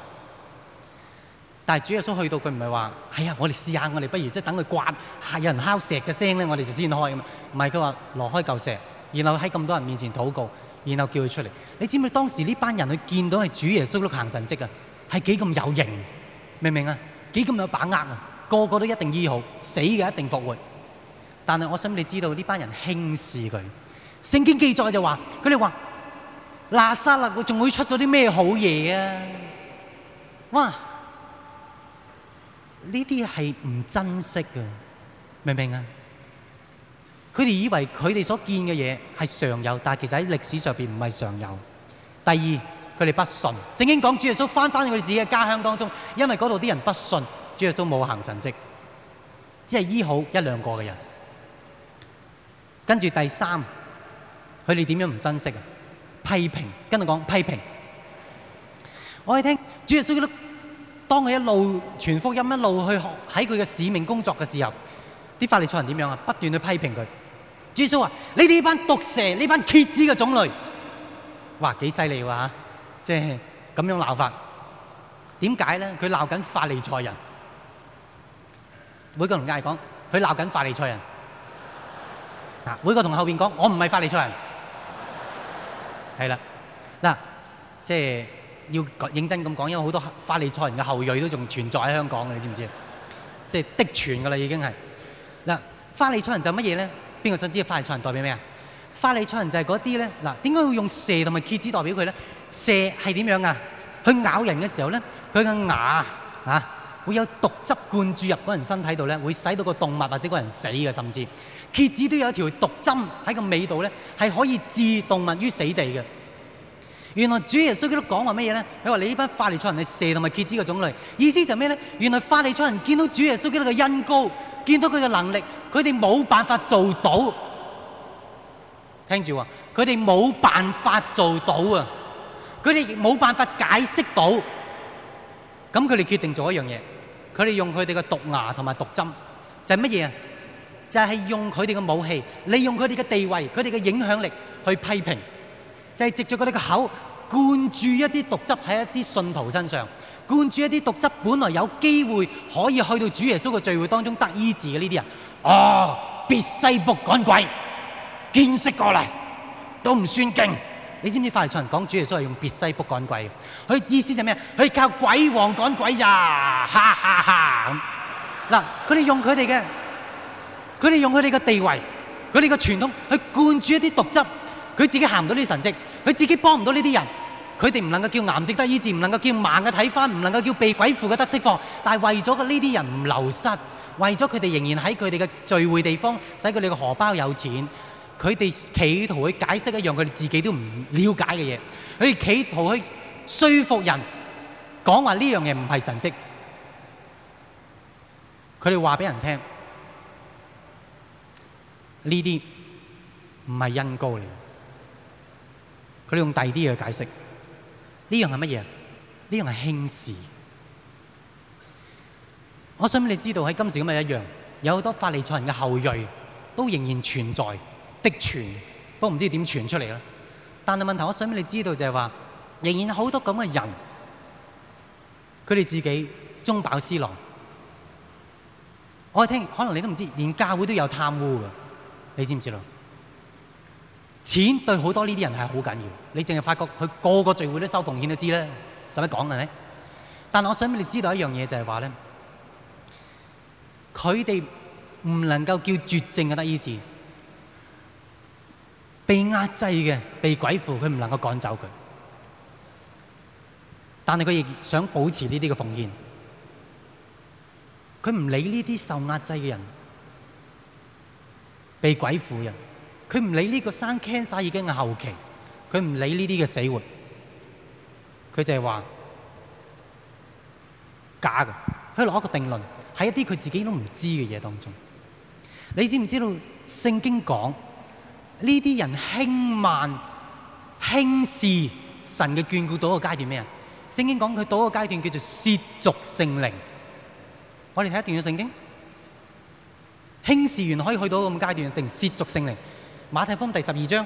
但係主耶穌去到佢唔係話哎呀，我哋試下我哋不如即係等佢刮，係有人敲石嘅聲咧，我哋就先開㗎嘛。唔係佢話攞開舊石，然後喺咁多人面前禱告，然後叫佢出嚟。你知唔知當時呢班人去見到係主耶穌都行神跡啊？係幾咁有型，明唔明啊？幾咁有把握啊？個個都一定醫好，死嘅一定復活。但係我想你知道呢班人輕視佢。聖經記載就話，佢哋話，拿撒勒仲會出咗啲咩好嘢啊？哇！呢啲係唔珍惜嘅，明唔明啊？佢哋以為佢哋所見嘅嘢係常有，但係其實喺歷史上邊唔係常有。第二。佢哋不信，聖經講，主耶穌返返佢哋自己嘅家鄉當中，因為嗰度啲人不信，主耶穌冇行神蹟，只係醫好一兩個嘅人。跟住第三，佢哋點樣唔珍惜啊？批評，跟住講批評。我哋聽主耶穌嗰度，當佢一路傳福音，一路去學喺佢嘅使命工作嘅時候，啲法利賽人點樣啊？不斷去批評佢。主耶穌話、啊：你哋呢啲班毒蛇，呢班蠍子嘅種類，哇，幾犀利哇！即係咁樣鬧法，點解咧？佢鬧緊法利賽人。每個同嗌講，佢鬧緊法利賽人。啊，每個同後邊講，我唔係法利賽人。係啦，嗱，即係要認真咁講，因為好多法利賽人嘅後裔都仲存在喺香港嘅，你知唔知？即係的傳噶啦，已經係。嗱，法利賽人就乜嘢咧？邊個想知？法利賽人代表咩啊？法利賽人就係嗰啲咧。嗱，點解會用蛇同埋蠍子代表佢咧？蛇係點樣的的的啊？佢咬人嘅時候呢，佢嘅牙啊，會有毒汁灌注入嗰人身體度咧，會使到個動物或者嗰人死嘅，甚至蠍子都有一條毒針喺個尾度呢係可以致動物於死地嘅。原來主耶穌基督講話乜嘢呢？佢話，你呢班法利賽人，係蛇同埋蠍子嘅種類，意思就咩呢？原來法利賽人見到主耶穌基督個恩膏，見到佢嘅能力，佢哋冇辦法做到。聽住話，啊，佢哋冇辦法做到啊！佢哋亦冇辦法解釋到，咁佢哋決定做一樣嘢，佢哋用佢哋嘅毒牙同埋毒針，就係乜嘢啊？就係用佢哋嘅武器，利用佢哋嘅地位、佢哋嘅影響力去批評，就係藉住佢哋嘅口灌注一啲毒汁喺一啲信徒身上，灌注一啲毒汁，本來有機會可以去到主耶穌嘅聚會當中得醫治嘅呢啲人，啊！別西卜趕鬼，見識過嚟都唔算勁。你知唔知？法利賽人講主耶穌係用別西卜趕鬼，佢意思就係咩？佢靠鬼王趕鬼咋，哈哈哈，哈！嗱，佢哋用佢哋嘅，佢哋用佢哋嘅地位，佢哋嘅傳統去灌注一啲毒汁，佢自己行唔到呢啲神跡，佢自己幫唔到呢啲人，佢哋唔能夠叫癌症得醫治，唔能夠叫盲嘅睇翻，唔能夠叫被鬼附嘅得釋放。但係為咗呢啲人唔流失，為咗佢哋仍然喺佢哋嘅聚會地方，使佢哋嘅荷包有錢。佢哋企圖去解釋一樣佢哋自己都唔瞭解嘅嘢，佢哋企圖去説服人講話呢樣嘢唔係神跡。佢哋話俾人聽，呢啲唔係恩膏嚟。佢哋用第二啲嘢解釋，呢樣係乜嘢？呢樣係興事。我想俾你知道喺今時今日一樣，有好多法利賽人嘅後裔都仍然存在。不傳的傳都唔知點傳出嚟啦，但係問題，我想俾你知道就係話，仍然有好多咁嘅人，佢哋自己中飽私囊。我聽可能你都唔知道，連教會都有貪污嘅，你知唔知咯？錢對好多呢啲人係好緊要，你淨係發覺佢個個聚會都收奉獻都知咧，使乜講嘅呢？但我想俾你知道一樣嘢就係話咧，佢哋唔能夠叫絕症嘅得醫治。被壓制嘅、被鬼附，佢唔能夠趕走佢，但係佢亦想保持呢啲嘅奉獻。佢唔理呢啲受壓制嘅人、被鬼附的人，佢唔理呢個生 cancer 已經係後期，佢唔理呢啲嘅死活，佢就係話假嘅，佢落一個定論喺一啲佢自己都唔知嘅嘢當中。你知唔知道聖經講？呢啲人輕慢、輕視神嘅眷顧到一個階段咩？聖經講佢到一個階段叫做褻瀆聖靈。我哋睇一段嘅聖經，輕視完可以去到咁嘅階段，就是「褻瀆聖靈」。馬太福音第十二章，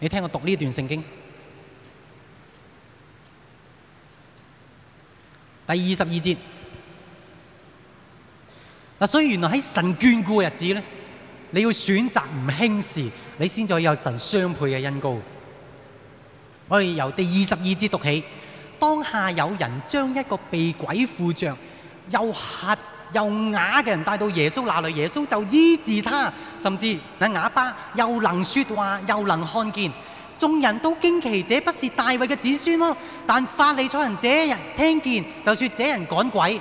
你聽我讀呢段聖經，第二十二節。嗱，所以原來喺神眷顧嘅日子咧。你要選擇唔輕視，你先有神雙倍嘅恩膏。我哋由第二十二節讀起，當下有人將一個被鬼附着、又瞎又啞嘅人帶到耶穌那裏，耶穌就醫治他，甚至那啞巴又能說話，又能看見。眾人都驚奇，這不是大衛嘅子孫麼？但法利賽人這人聽見，就説：這人趕鬼。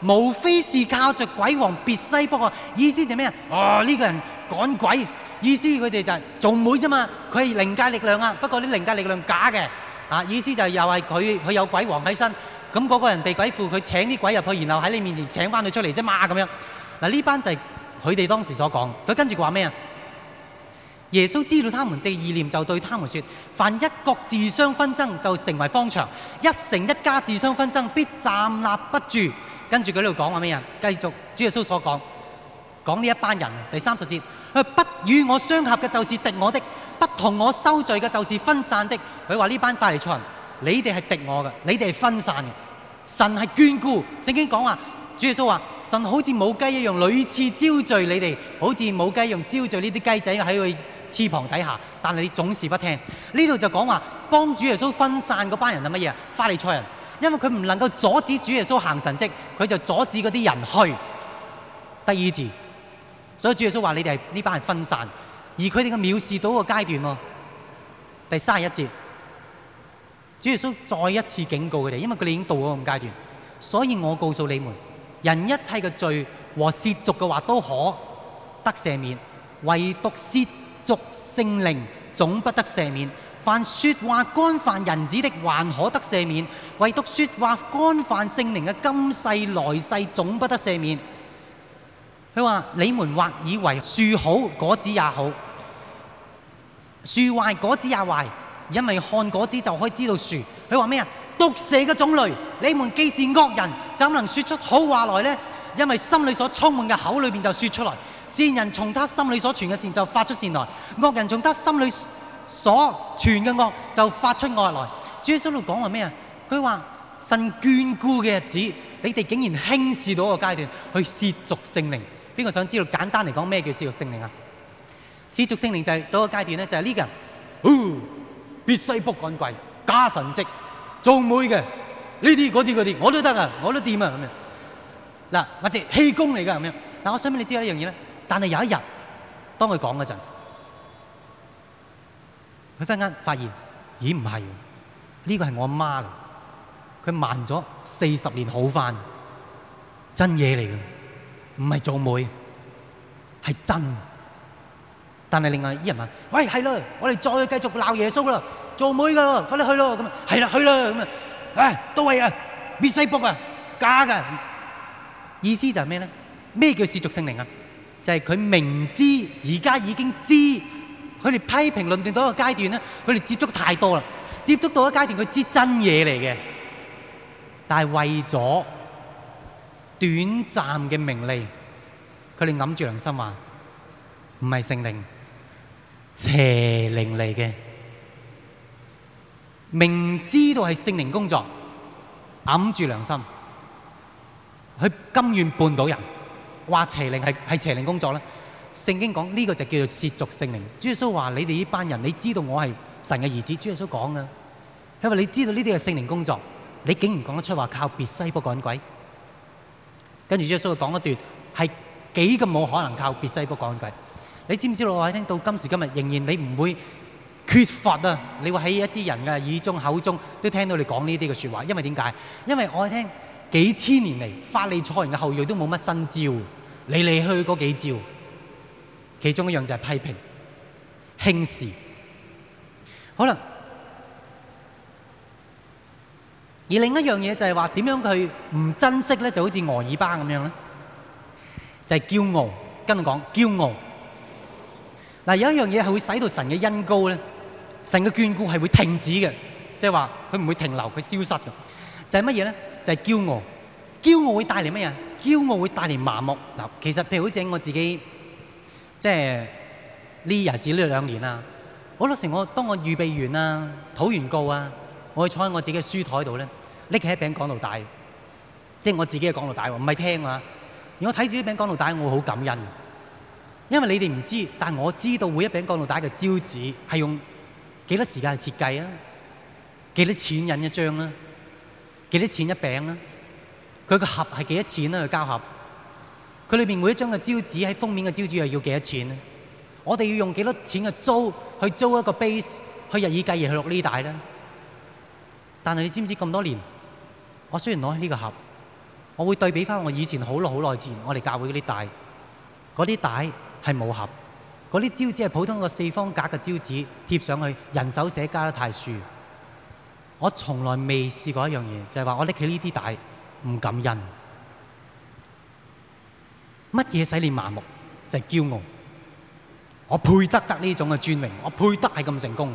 無非是靠着鬼王別西卜，意思係咩啊？哦，呢個人趕鬼，意思佢哋就係做媒啫嘛。佢係靈界力量啊，不過啲靈界力量是假嘅啊，意思就又係佢有鬼王喺身。噉嗰個人被鬼附，佢請啲鬼入去，然後喺你面前請翻佢出嚟啫嘛咁樣嗱。呢班就係佢哋當時所講，佢跟住話咩？耶穌知道他們的意念，就對他們說：凡一國自相紛爭，就成為荒場；一城一家自相紛爭，必站立不住。跟住佢呢度講話咩啊？繼續主耶穌所講，講呢一班人第三十節，佢不與我相合嘅就是敵我的，不同我收聚嘅就是分散的。佢話呢班法利賽人，你哋係敵我嘅，你哋係分散的。神係眷顧，聖經講話，主耶穌話，神好似母雞一樣，屢次招聚你哋，好似母雞一樣招聚呢啲雞仔喺佢翅膀底下，但你總是不聽。呢度就講話幫主耶穌分散嗰班人係乜嘢？法利賽人。因為佢唔能夠阻止主耶穌行神蹟，佢就阻止嗰啲人去。第二節，所以主耶穌話：你哋係呢班人分散，而佢哋嘅藐視到個階段。第三十一節，主耶穌再一次警告佢哋，因為佢哋已經到咗個階段，所以我告訴你們：人一切嘅罪和褻瀆嘅話都可得赦免，唯獨褻瀆聖靈總不得赦免。凡説話干犯人子的還可得赦免，唯獨説話干犯聖靈嘅今世來世總不得赦免。佢話：你們或以為樹好果子也好，樹壞果子也壞，因為看果子就可以知道樹。佢話咩啊？毒蛇嘅種類，你們既是惡人，怎能説出好話來呢？因為心裏所充滿嘅口裏邊就説出來。善人從他心裏所存嘅善就發出善來，惡人從他，他心裏……所存嘅惡就發出外來。耶穌喺度講話咩啊？佢話神眷顧嘅日子，你哋竟然輕視到個階段去褻瀆聖靈。邊個想知道？簡單嚟講，咩叫褻瀆聖靈啊？褻瀆聖靈就係、是、到個階段咧、這個，就係呢個人，必須卜趕鬼、加神蹟、做妹嘅呢啲、嗰啲、嗰啲，我都得啊，我都掂啊咁樣。嗱，或者氣功嚟噶咁樣。嗱，我想俾你知道一樣嘢咧？但係有一日，當佢講嗰陣。佢忽然間發現，咦唔係，呢個係我阿媽嚟，佢慢咗四十年好返，真嘢嚟嘅，唔係做妹，係真。但係另外啲人話，喂係啦，我哋再繼續鬧耶穌啦，做妹㗎，快啲去咯咁啊，係啦，去啦咁啊，啊、哎、都係啊，別西卜啊，假㗎。意思就係咩咧？咩叫世俗聖靈啊？就係、是、佢明知而家已經知。佢哋批評論斷到一個階段咧，佢哋接觸太多啦，接觸到一個階段佢知真嘢嚟嘅，但係為咗短暫嘅名利，佢哋揞住良心話唔係聖靈，邪靈嚟嘅，明知道係聖靈工作，揞住良心，佢甘願叛倒人，話邪靈係係邪靈工作咧。聖經講呢、這個就叫做褻瀆聖靈。耶穌話：你哋呢班人，你知道我係神嘅兒子。耶穌講啊，因為你知道呢啲係聖靈工作，你竟然講得出話靠別西卜趕鬼。跟住耶穌講一段係幾咁冇可能靠別西卜趕鬼。你知唔知道？我喺聽到今時今日仍然你唔會缺乏啊！你會喺一啲人嘅耳中口中都聽到你講呢啲嘅説話，因為點解？因為我喺聽幾千年嚟法利賽人嘅後裔都冇乜新招，你嚟去去嗰幾招。其中一樣就係批評、輕視，好啦；而另一樣嘢就係話點樣去唔珍惜咧，就好似俄珥巴咁樣咧，就係驕傲。跟佢講驕傲，嗱有一樣嘢係會使到神嘅恩膏咧，神嘅眷顧係會停止嘅，即係話佢唔會停留，佢消失嘅，就係乜嘢咧？就係驕傲。驕傲會帶嚟乜嘢？驕傲會帶嚟麻木。嗱，其實譬如好似我自己。即係呢日子呢兩年啊！好多時我當我預備完啊、禱完告啊，我去坐喺我自己嘅書台度咧，拎起一餅講道帶，即係我自己嘅講道帶喎，唔係聽。如果睇住呢餅講道帶，我會好感恩，因為你哋唔知道，但係我知道每一餅講道帶嘅招紙係用幾多時間去設計啊？幾多錢印一張啊，幾多錢一餅啊，佢個盒係幾多錢啦？去膠盒？佢裏面每一張嘅招紙喺封面嘅招紙又要幾多錢？我哋要用幾多錢嘅租去租一個 base 去日以繼夜去錄呢帶咧？但係你知唔知咁多年，我雖然攞起呢個盒，我會對比翻我以前好耐好耐前我哋教會嗰啲帶，嗰啲帶係冇盒，嗰啲招紙係普通個四方格嘅招紙貼上去，人手寫加得太疏。我從來未試過一樣嘢，就係話我拎起呢啲帶唔敢印。乜嘢使你麻木？就係驕傲。我配得得呢種嘅尊榮，我配得係咁成功。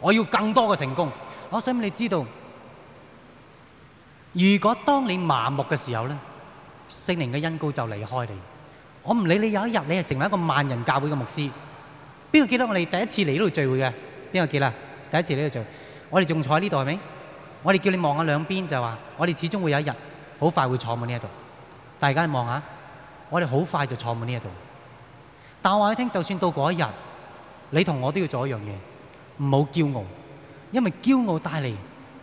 我要更多嘅成功。我想畀你知道，如果當你麻木嘅時候咧，聖靈嘅恩膏就離開你。我唔理你有一日你係成為一個萬人教會嘅牧師，邊個記得我哋第一次嚟呢度聚會嘅？邊個記得？第一次嚟呢度聚會，我哋仲坐喺呢度係咪？我哋叫你望下兩邊就話，我哋始終會有一日，好快會坐滿呢一度。大家望下。我哋好快就坐滿呢一度，但我話你聽，就算到嗰一日，你同我都要做一樣嘢，唔好驕傲，因為驕傲帶嚟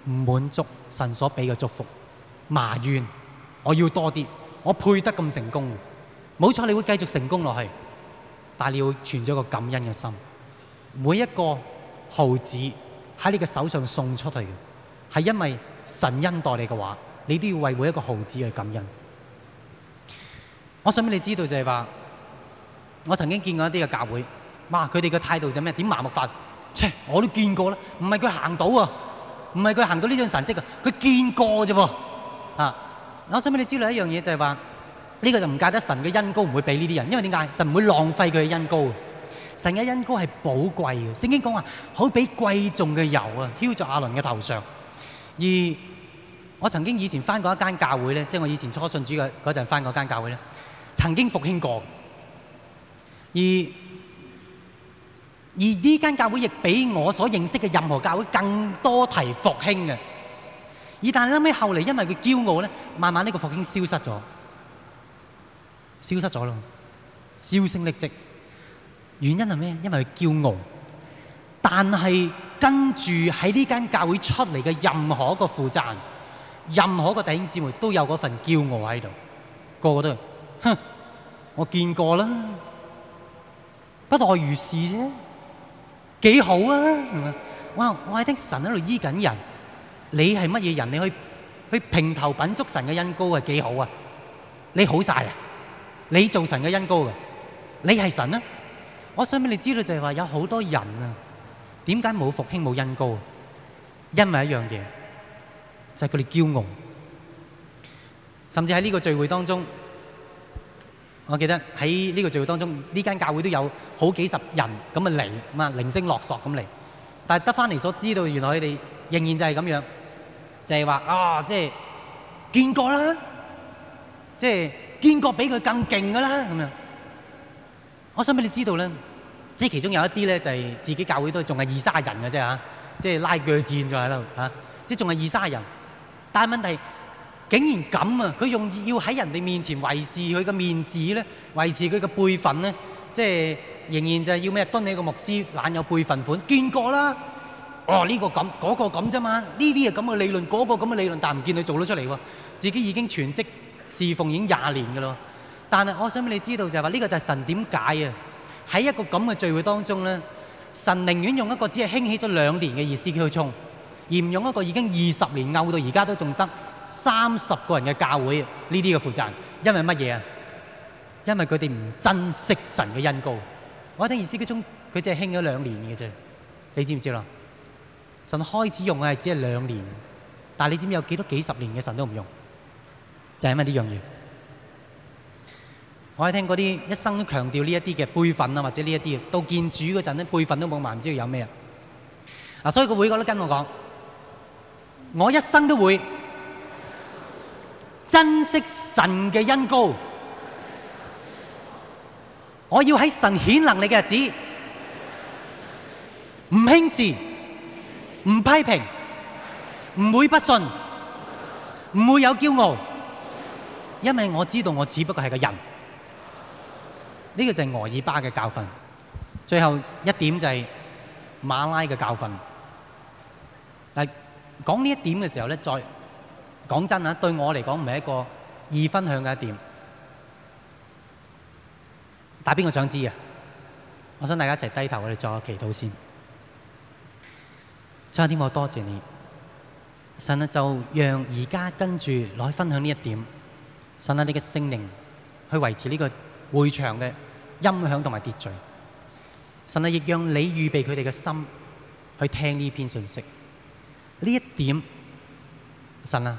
唔滿足神所俾嘅祝福，埋怨我要多啲，我配得咁成功。冇錯，你會繼續成功落去，但係你要存咗個感恩嘅心。每一個毫子喺你嘅手上送出去嘅，係因為神恩待你嘅話，你都要為每一個毫子去感恩。我想俾你知道就係話，我曾經見過一啲嘅教會，哇，佢哋嘅態度就咩？點麻木法？切，我都見過啦，唔係佢行到啊，唔係佢行到呢種神蹟他啊，佢見過啫噃啊！我想俾你知道一樣嘢就係話，呢個就唔怪得神嘅恩膏唔會俾呢啲人，因為點解？神唔會浪費佢嘅恩膏，神嘅恩膏係寶貴嘅。聖經講話，好比貴重嘅油啊，澆咗亞倫嘅頭上。而我曾經以前翻過一間教會咧，即係我以前初信主嘅嗰陣翻過一間教會咧。曾經復興過，而而呢間教會亦比我所認識嘅任何教會更多提復興嘅，而但係後尾後嚟，因為佢驕傲咧，慢慢呢個復興消失咗，消失咗咯，銷聲匿跡。原因係咩？因為佢驕傲。但係跟住喺呢間教會出嚟嘅任何一個負責人，任何一個弟兄姊妹都有嗰份驕傲喺度，個個都。哼，我見過啦，不待如是啫，幾好啊！哇，我係的神喺度醫緊人，你係乜嘢人？你去去評頭品足神嘅恩膏係幾好啊？你好晒啊！你做神嘅恩膏啊！你係神啊！我想俾你知道就係話有好多人啊，點解冇復興冇恩膏啊？因為一樣嘢，就係佢哋驕傲，甚至喺呢個聚會當中。我記得喺呢個聚會當中，呢間教會都有好幾十人咁啊嚟，咁啊零星落索咁嚟，但係得翻嚟所知道，原來佢哋仍然就係咁樣，就係話啊，即係見過啦，即係見過比佢更勁噶啦咁樣。我想俾你知道咧，即係其中有一啲咧、就是，就係自己教會都仲係二沙人嘅啫嚇，即係拉鋸戰仲喺度嚇，即係仲係二沙人，但係問題。竟然咁啊！佢用要喺人哋面前維持佢嘅面子咧，維持佢嘅輩份咧，即係仍然就係要咩？蹲你個牧師，懶有輩份款見過啦。哦，呢個咁嗰個咁啫嘛，呢啲係咁嘅理論，嗰個咁嘅理論，但唔見佢做得出嚟喎。自己已經全職侍奉已經廿年㗎咯。但係我想俾你知道就係話呢個就係神點解啊？喺一個咁嘅聚會當中咧，神寧願用一個只係興起咗兩年嘅意思佢衝，而唔用一個已經二十年拗到而家都仲得。三十個人嘅教會呢啲嘅負責人，因為乜嘢啊？因為佢哋唔珍惜神嘅恩膏。我一聽意思，佢中佢只係興咗兩年嘅啫。你知唔知咯？神開始用嘅係只係兩年，但係你知唔知有幾多幾十年嘅神都唔用？就係、是、因為呢樣嘢。我一聽嗰啲一生都強調呢一啲嘅輩份啊，或者呢一啲到見主嗰陣咧輩分都冇埋，唔知有咩啊？所以個會嗰啲跟我講，我一生都會。珍惜神嘅恩膏，我要喺神顯能力嘅日子，唔輕視，唔批評，唔會不信，唔會有驕傲，因為我知道我只不過係個人。呢個就係俄珥巴嘅教訓，最後一點就係馬拉嘅教訓。但係，講呢一點嘅時候咧，再。講真啊，對我嚟講唔係一個易分享嘅一點，但係邊個想知啊？我想大家一起低頭，我哋作祈禱先。親愛的天父，多謝你，神啊，就讓而家跟着來分享呢一點，神啊，你嘅聖靈去維持呢個會場嘅音響同埋秩序，神啊，亦讓你預備他們的心去聽呢篇信息，呢一點，神啊。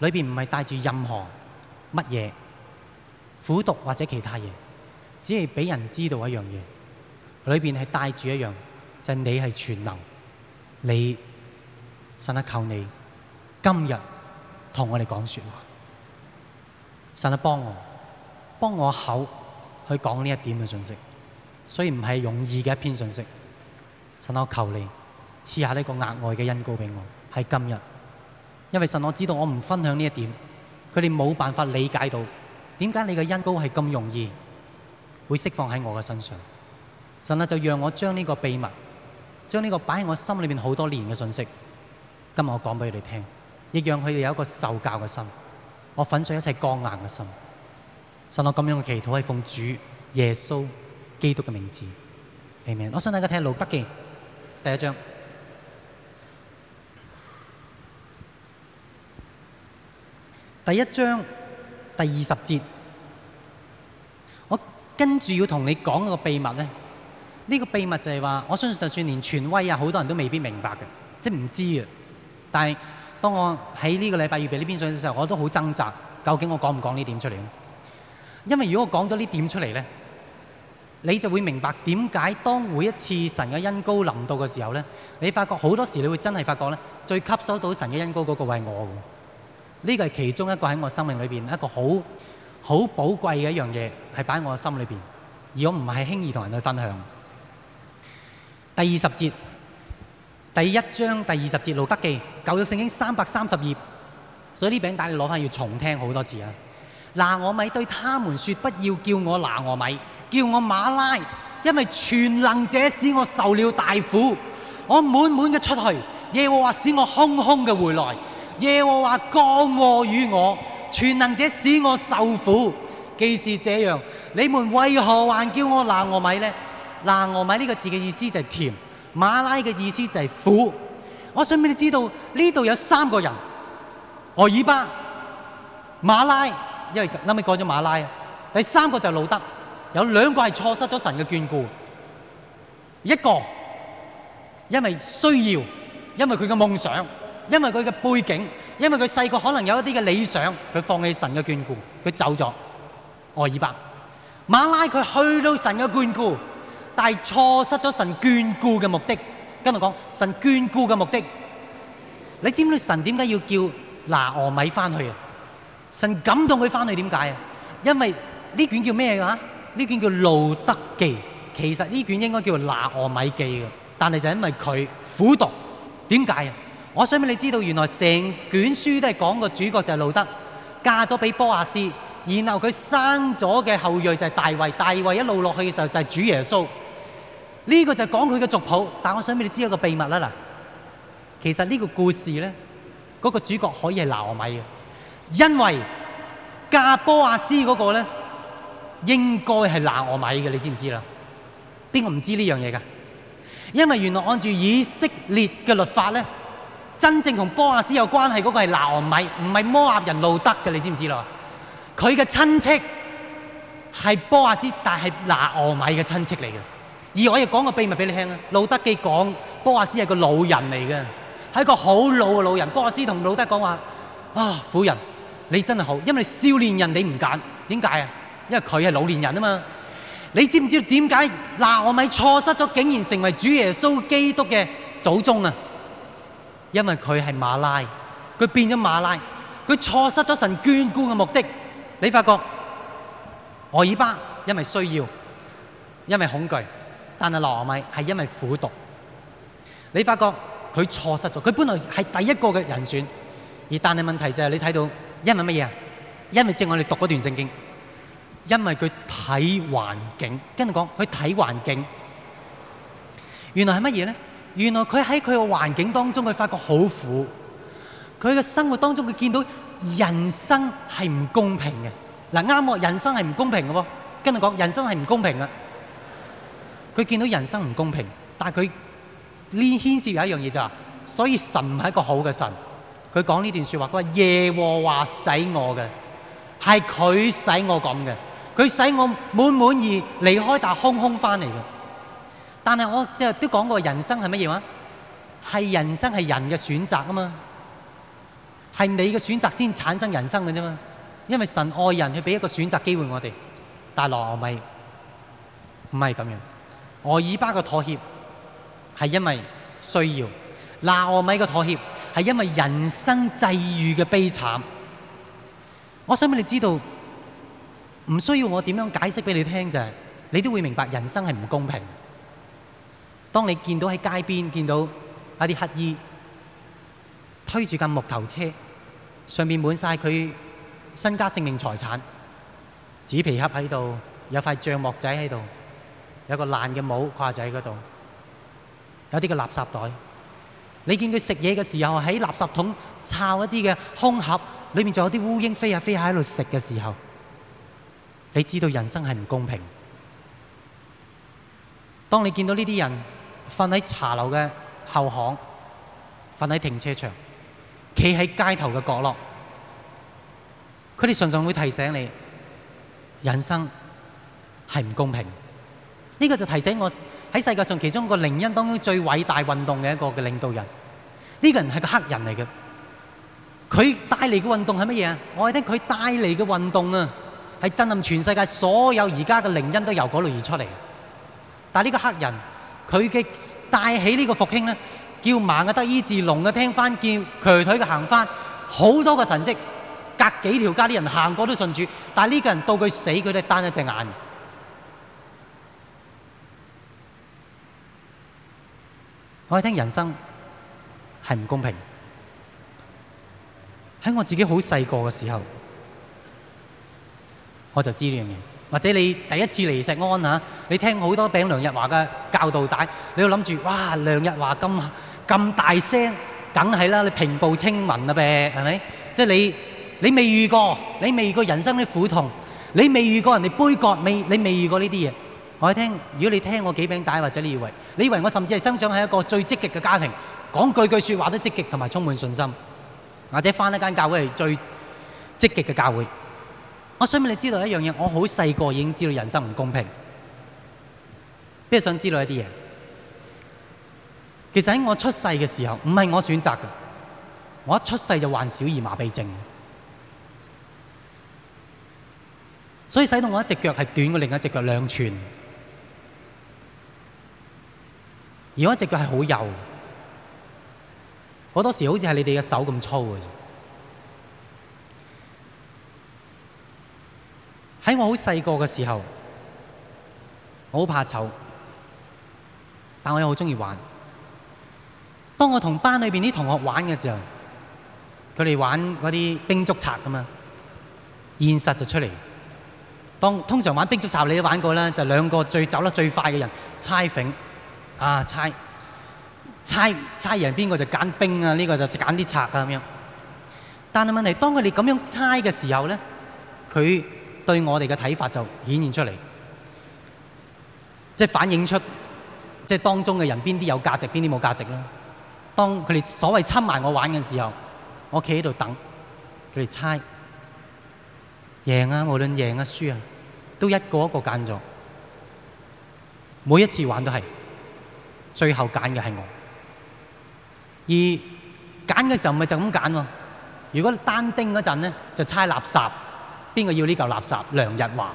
裏邊唔係帶住任何乜嘢苦讀或者其他嘢，只係俾人知道一樣嘢。裏邊係帶住一樣，就係、是、你係全能，你神啊求你，今日同我哋講說話，神啊幫我，幫我口去講呢一點嘅信息，所以唔係容易嘅一篇信息。神啊，求你賜下呢個額外嘅恩膏俾我，係今日。因為神我知道我唔分享呢一點，佢哋冇辦法理解到點解你嘅恩膏係咁容易會釋放喺我嘅身上。神啊，就讓我將呢個秘密，將呢個擺喺我心裏面好多年嘅信息，今日我講俾你哋聽，亦讓佢哋有一個受教嘅心。我粉碎一切剛硬嘅心。神我這，我咁樣嘅祈禱係奉主耶穌基督嘅名字，阿門。我想大家聽路得記第一章。第一章第二十節，我跟住要同你講一個秘密呢，呢、呢個秘密就係話，我相信就算連權威啊，好多人都未必明白嘅，即係唔知啊。但係當我喺呢個禮拜預備呢邊上嘅時候，我都好掙扎，究竟我講唔講呢點出嚟？因為如果我講咗呢點出嚟呢，你就會明白點解當每一次神嘅恩膏臨到嘅時候呢，你發覺好多時你會真係發覺最吸收到神嘅恩膏嗰個係我。呢個係其中一個喺我生命裏面一個好好寶貴嘅一樣嘢，係擺喺我的心裏面。而我唔係輕易同人去分享。第二十節，第一章第二十節，路德記，舊約聖經三百三十頁，所以呢餅帶你攞翻要重聽好多次啊！拿俄米對他們說：不要叫我拿俄米，叫我馬拉，因為全能者使我受了大苦，我滿滿的出去，耶和華使我空空嘅回來。耶和華降惡於我，全能者使我受苦。既是這樣，你們為何還叫我拿俄米呢？拿俄米呢個字嘅意思就係甜，馬拉嘅意思就係苦。我想俾你知道呢度有三個人：俄珥巴、馬拉，因為啱啱講咗馬拉。第三個就是路德，有兩個係錯失咗神嘅眷顧，一個因為需要，因為佢嘅夢想。因為佢嘅背景，因為佢細個可能有一啲嘅理想，佢放棄神嘅眷顧，佢走咗。俄珥巴、馬拉佢去到神嘅眷顧，但係錯失咗神眷顧嘅目的。跟住講神眷顧嘅目的，你知唔知神點解要叫拿俄米翻去啊？神感動佢翻去點解啊？因為呢卷叫咩話？呢卷叫路德記，其實呢卷應該叫拿俄米記嘅，但係就因為佢苦毒，點解啊？我想俾你知道，原來成卷書都係講，個主角就係路德，嫁咗畀波亞斯，然後佢生咗嘅後裔就係大衛，大衛一路落去嘅時候就係主耶穌。呢個就係講佢嘅族譜。但我想俾你知道一個秘密啦，其實呢個故事呢，嗰個主角可以係拿俄米嘅，因為嫁波亞斯嗰個呢，應該係拿俄米嘅，你知唔知道？邊個唔知呢樣嘢噶？因為原來按住以色列嘅律法呢。真正同波亞斯有關係嗰個係拿俄米，唔係摩押人路德嘅，你知唔知道？佢嘅親戚係波亞斯，但係拿俄米嘅親戚嚟嘅。而我亦講個秘密俾你聽啊！路德記講波亞斯係個老人嚟嘅，係一個好老嘅老人。波亞斯同路德講話：啊，婦人，你真係好，因為你少年人你唔揀，點解啊？因為佢係老年人啊嘛。你知唔知道點解拿俄米錯失咗，竟然成為主耶穌基督嘅祖宗啊？因為佢係馬拉，佢變咗馬拉，佢錯失咗神眷顧嘅目的。你發覺俄珥巴因為需要，因為恐懼，但係拿俄米係因為苦毒。你發覺佢錯失咗，佢本來係第一個嘅人選，而但係問題就係、是、你睇到因為乜嘢？因為正我哋讀嗰段聖經，因為佢睇環境，跟住講佢睇環境，原來係乜嘢呢？原來佢喺佢嘅環境當中，佢發覺好苦。佢嘅生活當中，佢見到人生係唔公平嘅。嗱啱，我人生係唔公平嘅。跟住講，人生係唔公平嘅。佢見到人生唔公平，但係佢呢牽涉有一樣嘢就係。所以神唔係一個好嘅神。佢講呢段說話，佢話耶和華使我嘅，係佢使我咁嘅。佢使我滿滿意離開，但空空翻嚟嘅。但係我即係都講過，人生係乜嘢話？係人生係人嘅選擇啊嘛，係你嘅選擇先產生人生嘅啫嘛。因為神愛人，佢畀一個選擇機會我哋。但羅不是拿俄米唔係咁樣，俄珥巴嘅妥協係因為需要，拿俄米嘅妥協係因為人生際遇嘅悲慘。我想俾你知道，唔需要我點樣解釋畀你聽就係，你都會明白人生係唔公平。當你見到喺街邊見到一啲乞兒推住架木頭車，上面滿曬佢身家性命財產，紙皮盒喺度，有塊帳幕仔喺度，有個爛嘅帽掛喺嗰度，有啲嘅垃圾袋。你見佢食嘢嘅時候喺垃圾桶摷一啲嘅空盒裏，裏面仲有啲烏蠅飛下飛下喺度食嘅時候，你知道人生係唔公平。當你見到呢啲人，瞓喺茶樓嘅後巷，瞓喺停車場，企喺街頭嘅角落，佢哋常常會提醒你，人生係唔公平。呢個就提醒我喺世界上其中一個靈恩當中最偉大運動嘅一個嘅領導人，呢個人係個黑人嚟嘅。佢帶嚟嘅運動係乜嘢啊？我哋聽佢帶嚟嘅運動啊，係震撼全世界所有而家嘅靈恩都由嗰度而出嚟。但係呢個黑人。佢嘅帶起呢個復興咧，叫盲嘅得醫治，聾嘅聽翻見，瘸腿嘅行翻，好多個神蹟，隔幾條街啲人行過都順住。但係呢個人到佢死，佢都係單一隻眼。我係聽人生係唔公平。喺我自己好細個嘅時候，我就知呢樣嘢。或者你第一次嚟錫安嚇，你聽好多餅梁日華嘅教導帶，你要諗住哇，梁日華咁咁大聲，梗係啦，你平步青雲啦唄，係咪？即係你你未遇過，你未遇過人生啲苦痛，你未遇過人哋悲劇，你你未遇過呢啲嘢。我聽，如果你聽我幾餅帶，或者你以為你以為我甚至係生長喺一個最積極嘅家庭，講句句説話都積極同埋充滿信心，或者返一間教會係最積極嘅教會。我想問你知道一樣嘢，我好細個已經知道人生唔公平。邊係想知道一啲嘢？其實喺我出世嘅時候，唔係我選擇嘅。我一出世就患小兒麻痹症，所以使到我一隻腳係短過另一隻腳兩寸，而我一隻腳係好幼，好多時候好似係你哋嘅手咁粗嘅。喺我好細個嘅時候，我好怕醜，但我又好鍾意玩。當我同班裏面啲同學玩嘅時候，佢哋玩嗰啲兵捉賊咁樣，現實就出嚟。當通常玩兵捉賊，你都玩過啦，就兩個最走得最快嘅人猜揈啊，猜猜猜人邊個就揀兵啊，呢個就揀啲賊咁樣。但係問題，當佢哋咁樣猜嘅時候呢，佢對我哋嘅睇法就顯現出嚟，即係反映出，即係當中嘅人邊啲有價值，邊啲冇價值啦。當佢哋所謂侵埋我玩嘅時候，我企喺度等，佢哋猜，贏啊，無論贏啊輸啊，都一個一個揀咗。每一次玩都係，最後揀嘅係我。而揀嘅時候咪就咁揀喎。如果單丁嗰陣咧，就猜垃圾。邊個要呢嚿垃圾？梁日華，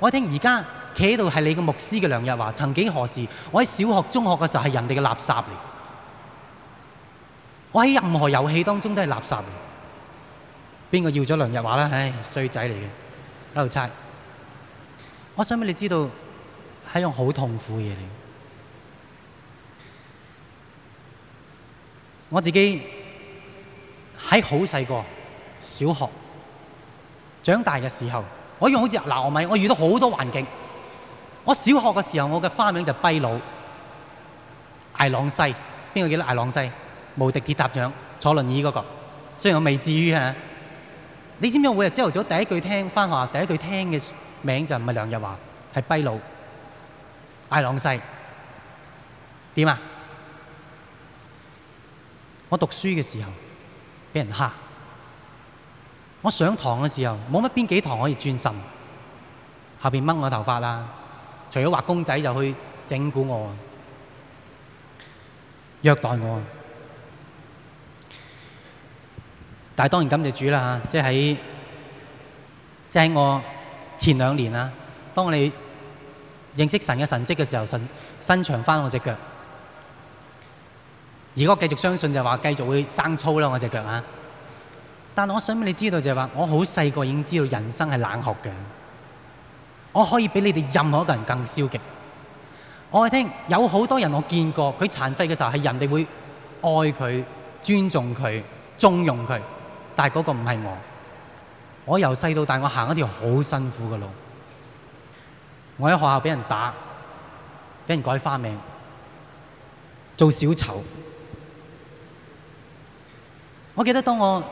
我聽而家企喺度係你個牧師嘅梁日華。曾幾何時，我喺小學、中學嘅時候係人哋嘅垃圾嚟。我喺任何遊戲當中都係垃圾嚟。邊個要咗梁日華啦？唉，衰仔嚟嘅，喺度猜。我想畀你知道，係一樣好痛苦嘅嘢嚟。我自己喺好細個，小學。長大嘅時候，我用好似拿俄米。我遇到好多環境。我小學嘅時候，我嘅花名就跛佬艾朗西。邊個記得艾朗西？無敵鐵探長坐輪椅嗰個，雖然我未至於，吓，你知唔知我每日朝頭早第一句聽翻學校第一句聽嘅名就唔係梁日華，係跛佬艾朗西。點呀？我讀書嘅時候畀人蝦。我上堂嘅時候冇乜邊幾堂可以轉神後面掹我頭髮啦，除咗畫公仔就去整蠱我、虐待我。但係當然感謝主啦嚇，即喺即喺我前兩年啊，當我哋認識神嘅神迹嘅時候，伸，伸長翻我隻腳。如果我繼續相信就話，繼續會生粗啦我隻腳啊！但我想俾你知道就係話，我好細個已經知道人生係冷酷嘅。我可以比你哋任何一個人更消極。我聽有好多人我見過，佢殘廢嘅時候係人哋會愛佢、尊重佢、縱容佢，但係嗰個唔係我。我由細到大，我行一條好辛苦嘅路。我喺學校俾人打，俾人改花名，做小丑。我記得當我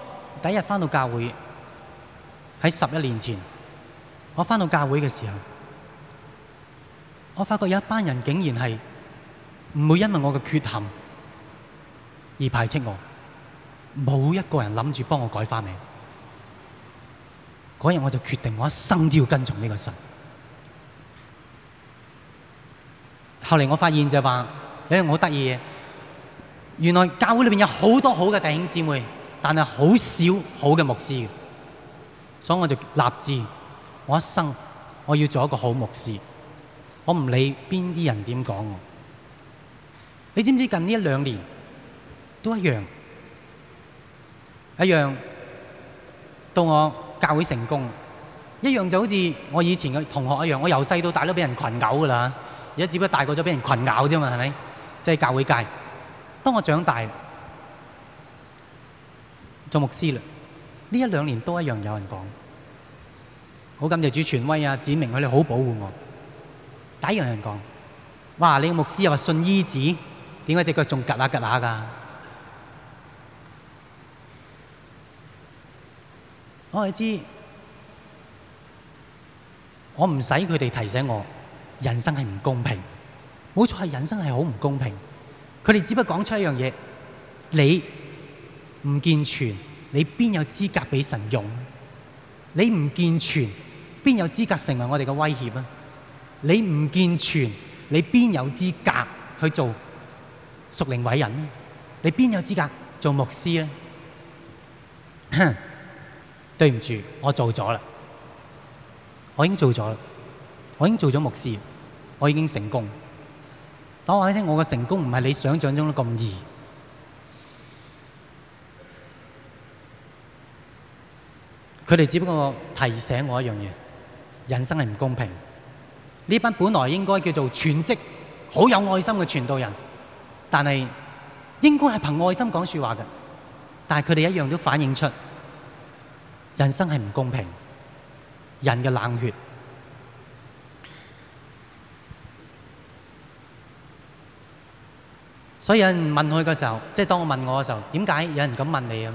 第一日返到教會，喺十一年前，我返到教會嘅時候，我發覺有一班人竟然係唔會因為我嘅缺陷而排斥我，冇一個人諗住幫我改花名。嗰日我就決定我一生都要跟從呢個神。後來我發現就話有一樣好得意嘅嘢，原來教會裏面有好多好嘅弟兄姐妹。但係好少好嘅牧師的，所以我就立志，我一生我要做一個好牧師。我唔理邊啲人點講我。你知唔知近呢一兩年都一樣，一樣到我教會成功，一樣就好似我以前嘅同學一樣，我由細到大都俾人群毆噶啦。而家只不過大個咗，俾人群毆啫嘛，係咪？即係教會界，當我長大。做牧師啦，呢一兩年都一樣，有人講，好感謝主權威啊，指明佢哋好保護我。第一樣人講，哇，你個牧師又話信醫子，點解隻腳仲夾下夾下？我係知，我唔使佢哋提醒我，人生係唔公平，好彩係人生係好唔公平。佢哋只不過講出一樣嘢，你。唔健全，你邊有資格俾神用？你唔健全，邊有資格成為我哋嘅威脅啊？你唔健全，你邊有資格去做屬靈偉人？你邊有資格做牧師啊？ (laughs) 對唔住，我做咗啦，我已經做咗啦，我已經做咗牧師，我已經成功。但我話你聽，我嘅成功唔係你想象中咁易。佢哋只不過提醒我一樣嘢：人生係唔公平。呢班本來應該叫做全職、好有愛心嘅傳道人，但係應該係憑愛心講説話嘅，但係佢哋一樣都反映出人生係唔公平，人嘅冷血。所以有人問佢嘅時候，即係當我問我嘅時候，點解有人噉問你咁樣？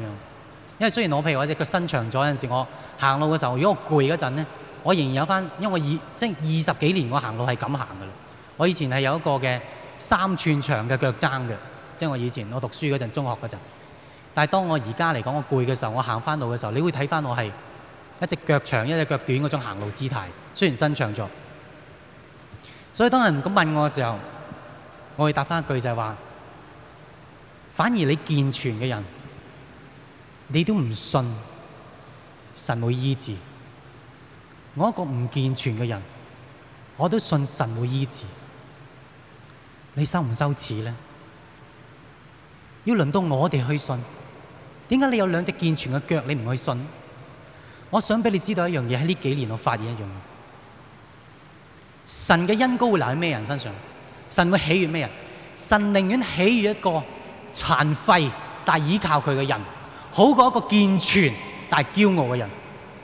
因為雖然我譬如我隻腳伸長咗，有時我行路嘅時候，如果我攰嗰陣咧，我仍然有翻，因為我二二十幾年我行路係咁行噶。我以前係有一個嘅三寸長嘅腳踭嘅，即係我以前我讀書嗰陣、中學嗰陣。但係當我而家嚟講我攰嘅時候，我行翻路嘅時候，你會睇翻我係一隻腳長一隻腳短嗰種行路姿態。雖然伸長咗，所以當人咁問我嘅時候，我會答翻一句就係話：反而你健全嘅人。你都唔信神會醫治我一個唔健全嘅人，我都信神會醫治。你羞唔羞恥呢？要輪到我哋去信，點解你有兩隻健全嘅腳，你唔去信？我想俾你知道一樣嘢，喺呢幾年我發現一樣嘢：神嘅恩膏會留喺咩人身上？神會喜悅咩人？神寧願喜悅一個殘廢但依靠佢嘅人。好過一個健全但係驕傲嘅人，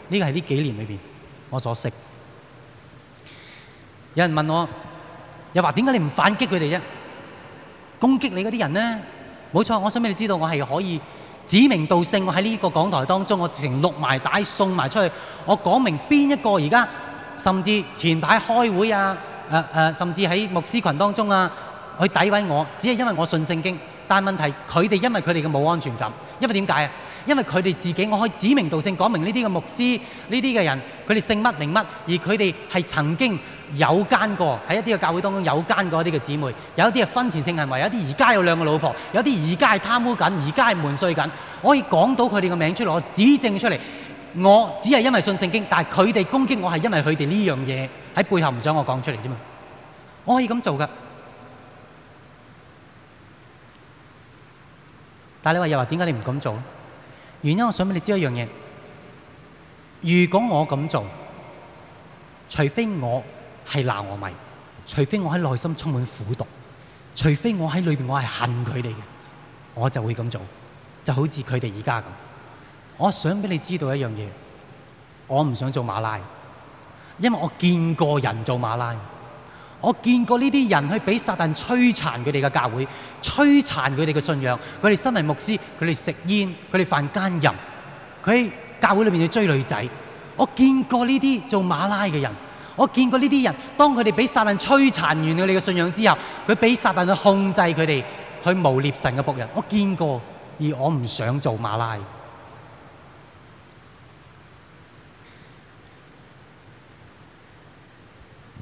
呢個係呢幾年裏面我所識。有人問我，又話點解你唔反擊佢哋啫？攻擊你嗰啲人呢？冇錯，我想俾你知道，我係可以指名道姓，我喺呢個講台當中，我直情錄埋帶送埋出去，我講明邊一個而家，甚至前排開會呀、啊啊啊，甚至喺牧師群當中啊，去詆毀我，只係因為我信聖經。但問題，佢哋因為佢哋嘅冇安全感，因為點解啊？因為佢哋自己，我可以指名道姓講明呢啲嘅牧師，呢啲嘅人，佢哋姓乜名乜，而佢哋係曾經有奸過喺一啲嘅教會當中有奸過一啲嘅姊妹，有一啲係婚前性行為，有啲而家有兩個老婆，有啲而家係貪污緊，而家係瞞稅緊，我可以講到佢哋嘅名出嚟，我指證出嚟，我只係因為信聖經，但係佢哋攻擊我係因為佢哋呢樣嘢喺背後唔想我講出嚟啫嘛，我可以咁做噶。但你話又話點解你唔噉做？原因我想畀你知道一樣嘢：如果我噉做，除非我係鬧我咪，除非我喺內心充滿苦毒，除非我喺裏面我係恨佢哋嘅，我就會噉做，就好似佢哋而家噉。我想畀你知道一樣嘢，我唔想做馬拉，因為我見過人做馬拉。我見過呢啲人去被撒旦摧殘佢哋嘅教會，摧殘佢哋嘅信仰。佢哋身為牧師，佢哋食煙，佢哋犯奸淫，佢喺教會裏面去追女仔。我見過呢啲做馬拉嘅人，我見過呢啲人當佢哋被撒旦摧殘完佢你嘅信仰之後，佢被撒旦去控制佢哋去冒劣神嘅僕人。我見過，而我唔想做馬拉。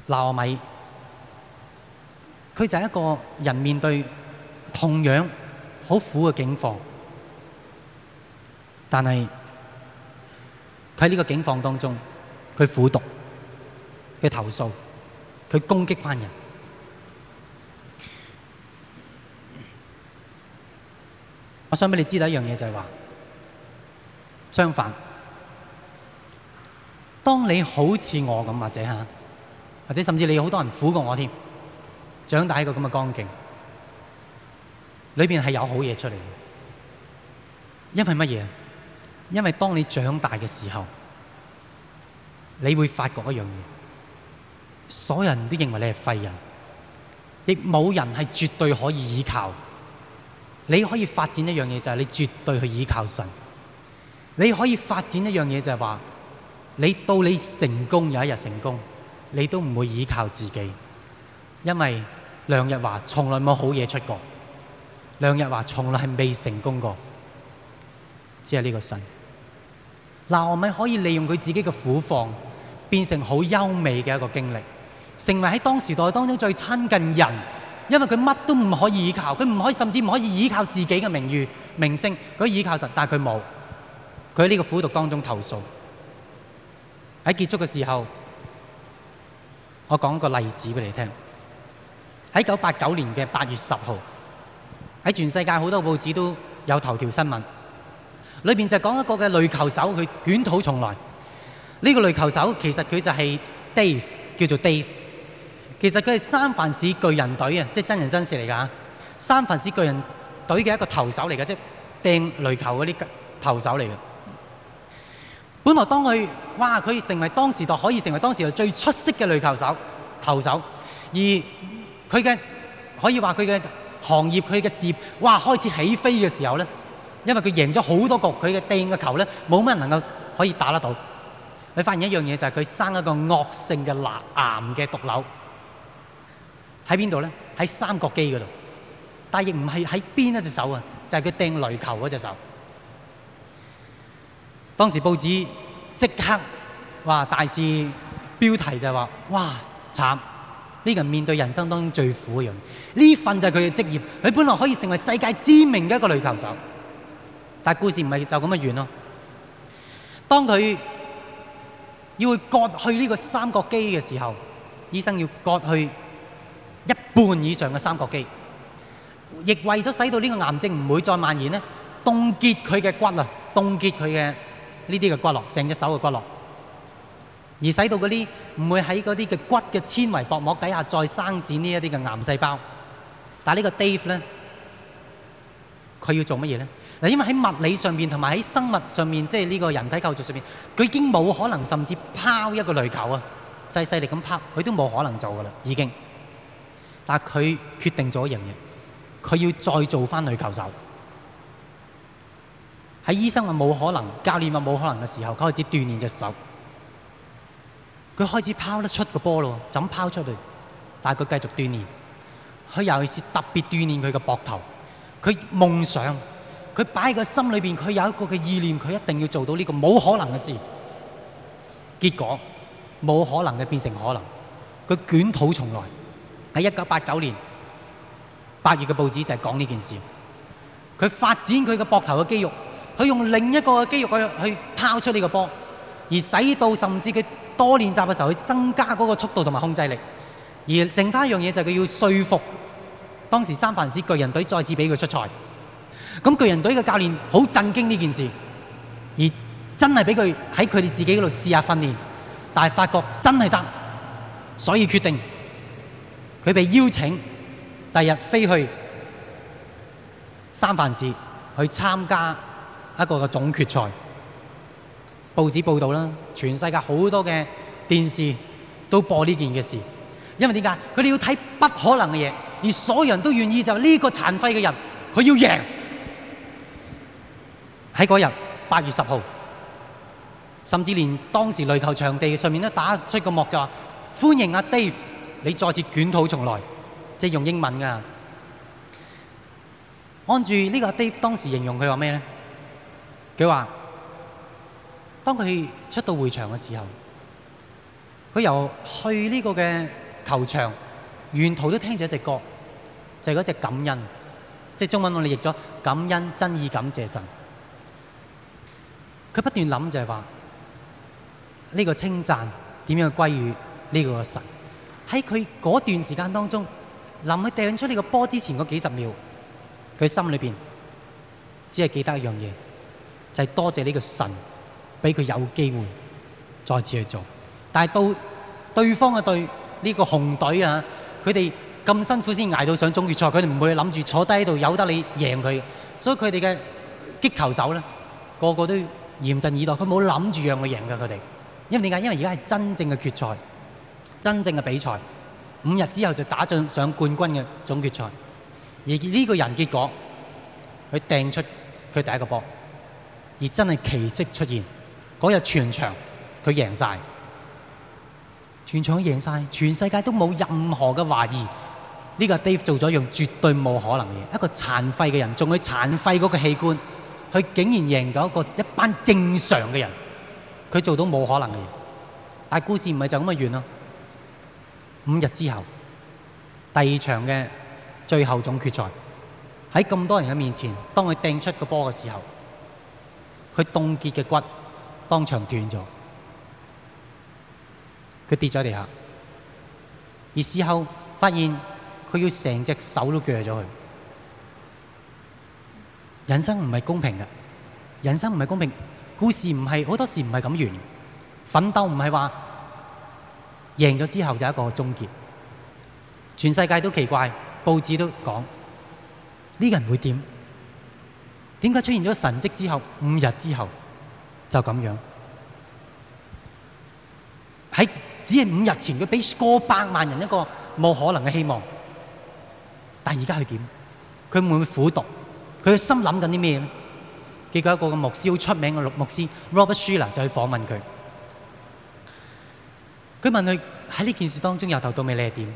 我咪？佢就係一個人面對同樣好苦嘅境況，但係佢喺呢個境況當中，佢苦毒，佢投訴，佢攻擊返人。我想俾你知道一樣嘢就係話，相反，當你好似我咁，或者吓，或者甚至你有好多人苦過我添。長大一個咁嘅光景，裏面係有好嘢出嚟嘅。因為乜嘢？因為當你長大嘅時候，你會發覺一樣嘢：所有人都認為你係廢人，亦冇人係絕對可以依靠。你可以發展一樣嘢，就係你絕對去依靠神。你可以發展一樣嘢，就係話，你到你成功有一日成功，你都唔會依靠自己，因為。梁日華從來冇好嘢出過，梁日華從來係未成功過，只係呢個神。拿俄米可以利用佢自己嘅苦況，變成好優美嘅一個經歷，成為喺當時代當中最親近人，因為佢乜都唔可以依靠，佢唔可以甚至唔可以依靠自己嘅名譽、名聲，佢依靠神，但佢冇，佢喺呢個苦讀當中投訴，喺結束嘅時候，我講個例子俾你聽。喺一九八九年嘅八月十號，喺全世界好多報紙都有頭條新聞，裏邊就講一個嘅壘球手佢捲土重來。呢個壘球手其實佢就係 Dave，叫做 Dave。其實佢係三藩市巨人隊啊，即係真人真事嚟㗎。三藩市巨人隊嘅一個投手嚟㗎，即係掟壘球嗰啲投手嚟嘅。本來當佢，哇！佢成為當時代可以成為當時代最出色嘅壘球手投手，而佢嘅可以話佢嘅行業佢嘅事業，哇，開始起飛嘅時候呢，因為佢贏咗好多局，佢嘅掟嘅球呢，冇乜人能夠可以打得到。佢發現一樣嘢就係、是、佢生了一個惡性嘅癌嘅毒瘤喺邊度呢？喺三角肌嗰度，但係亦唔係喺邊一隻手啊？就係佢掟雷球嗰隻手。當時報紙即刻話大事標題就係話：哇慘！慘呢、這個人面對人生當中最苦嘅樣，呢份就係佢嘅職業。佢本來可以成為世界知名嘅一個女球手，但故事唔係就咁嘅完咯。當佢要去割去呢個三角肌嘅時候，醫生要割去一半以上嘅三角肌，亦為咗使到呢個癌症唔會再蔓延呢，凍結佢嘅骨啊，凍結佢嘅呢啲嘅骨落，成隻手嘅骨落。而使到嗰啲唔會喺嗰啲嘅骨嘅纖維薄膜底下再生長呢一啲嘅癌細胞。但係呢個 Dave 咧，佢要做乜嘢呢？因為喺物理上面同埋喺生物上面，即係呢個人體構造上面，佢已經冇可能，甚至拋一個壘球啊，細細力咁拋，佢都冇可能做㗎喇，已經。但係佢決定咗一樣嘢，佢要再做翻壘球手。喺醫生話冇可能、教練話冇可能嘅時候，佢開始鍛鍊隻手。佢開始拋得出個波咯，噉拋出去。但係佢繼續鍛鍊，佢尤其是特別鍛鍊佢嘅膊頭。佢夢想，佢擺喺個心裏邊，佢有一個嘅意念，佢一定要做到呢個冇可能嘅事。結果冇可能嘅變成可能，佢捲土重來喺一九八九年八月嘅報紙就係講呢件事。佢發展佢嘅膊頭嘅肌肉，佢用另一個嘅肌肉去去拋出呢個波，而使到甚至佢。多練習嘅時候，佢增加嗰個速度同埋控制力，而剩翻一樣嘢就係佢要說服當時三藩市巨人隊再次俾佢出賽。咁巨人隊嘅教練好震驚呢件事，而真係俾佢喺佢哋自己嗰度試下訓練，但係發覺真係得，所以決定佢被邀請第二日飛去三藩市去參加一個嘅總決賽。報紙報道啦，全世界好多嘅電視都播呢件嘅事，因為點解？佢哋要睇不可能嘅嘢，而所有人都願意就呢、是、個殘廢嘅人，佢要贏。喺嗰日八月十號，甚至連當時壘球場地上面都打出個幕就話歡迎阿、啊、Dave，你再次捲土重來，即係、就是、用英文㗎。按住呢個 Dave 當時形容佢話咩咧？佢話。當佢出到會場嘅時候，佢由去呢個嘅球場，沿途都聽着一隻歌，就係嗰隻感恩，即係中文我哋譯咗感恩、真意、感謝神。佢不斷諗就係話呢個稱讚點樣歸於呢個神？喺佢嗰段時間當中，臨去掟出呢個波之前嗰幾十秒，佢心裏面只是記得一樣嘢，就係多謝,謝呢個神。俾佢有機會再次去做，但係到對方嘅隊呢個紅隊啊，佢哋咁辛苦先捱到上總決賽，佢哋唔會諗住坐低喺度由得你贏佢，所以佢哋嘅擊球手咧個個都嚴陣以待，佢冇諗住讓佢贏㗎。佢哋因為點解？因為而家係真正嘅決賽，真正嘅比賽，五日之後就打進上冠軍嘅總決賽，而呢個人結果佢掟出佢第一個波，而真係奇蹟出現。嗰日全場佢贏曬，全場贏曬，全世界都冇任何嘅懷疑。呢個 Dave 做咗一樣絕對冇可能嘅嘢，一個殘廢嘅人，仲係殘廢嗰個器官，佢竟然贏咗一個一班正常嘅人。佢做到冇可能嘅嘢，但係故事唔係就咁嘅完咯。五日之後，第二場嘅最後總決賽，喺咁多人嘅面前，當佢掟出個波嘅時候，佢凍結嘅骨。當場斷咗，佢跌咗地下，而事後發現佢要成隻手都鋸咗。佢人生唔係公平嘅，人生唔係公平，故事唔係好多時唔係咁完，奮鬥唔係話贏咗之後就是一個終結。全世界都奇怪，報紙都講，呢個人會點？點解出現咗神蹟之後五日之後？就咁樣，喺只係五日前，佢俾過百萬人一個冇可能嘅希望。但而家係點？佢會唔會苦毒？佢嘅心諗緊啲咩咧？結果一個個牧師好出名嘅牧師 Robert Schuller 就去訪問佢。佢問佢，喺呢件事當中由頭到尾你係點？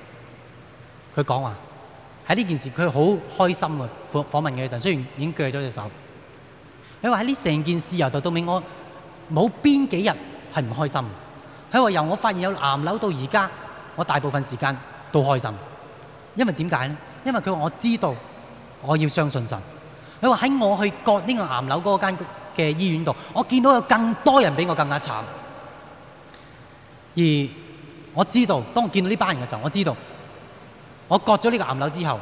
佢講話喺呢件事佢好開心嘅。訪訪問佢嘅陣雖然已經鋸咗隻手。佢話喺呢成件事由頭到尾我。冇邊幾日係唔開心的，佢話由我發現有癌瘤到而家，我大部分時間都開心，因為點解呢？因為佢話我知道我要相信神，佢話喺我去割呢個癌瘤嗰間嘅醫院度，我見到有更多人比我更加慘，而我知道當我見到呢班人嘅時候，我知道我割咗呢個癌瘤之後，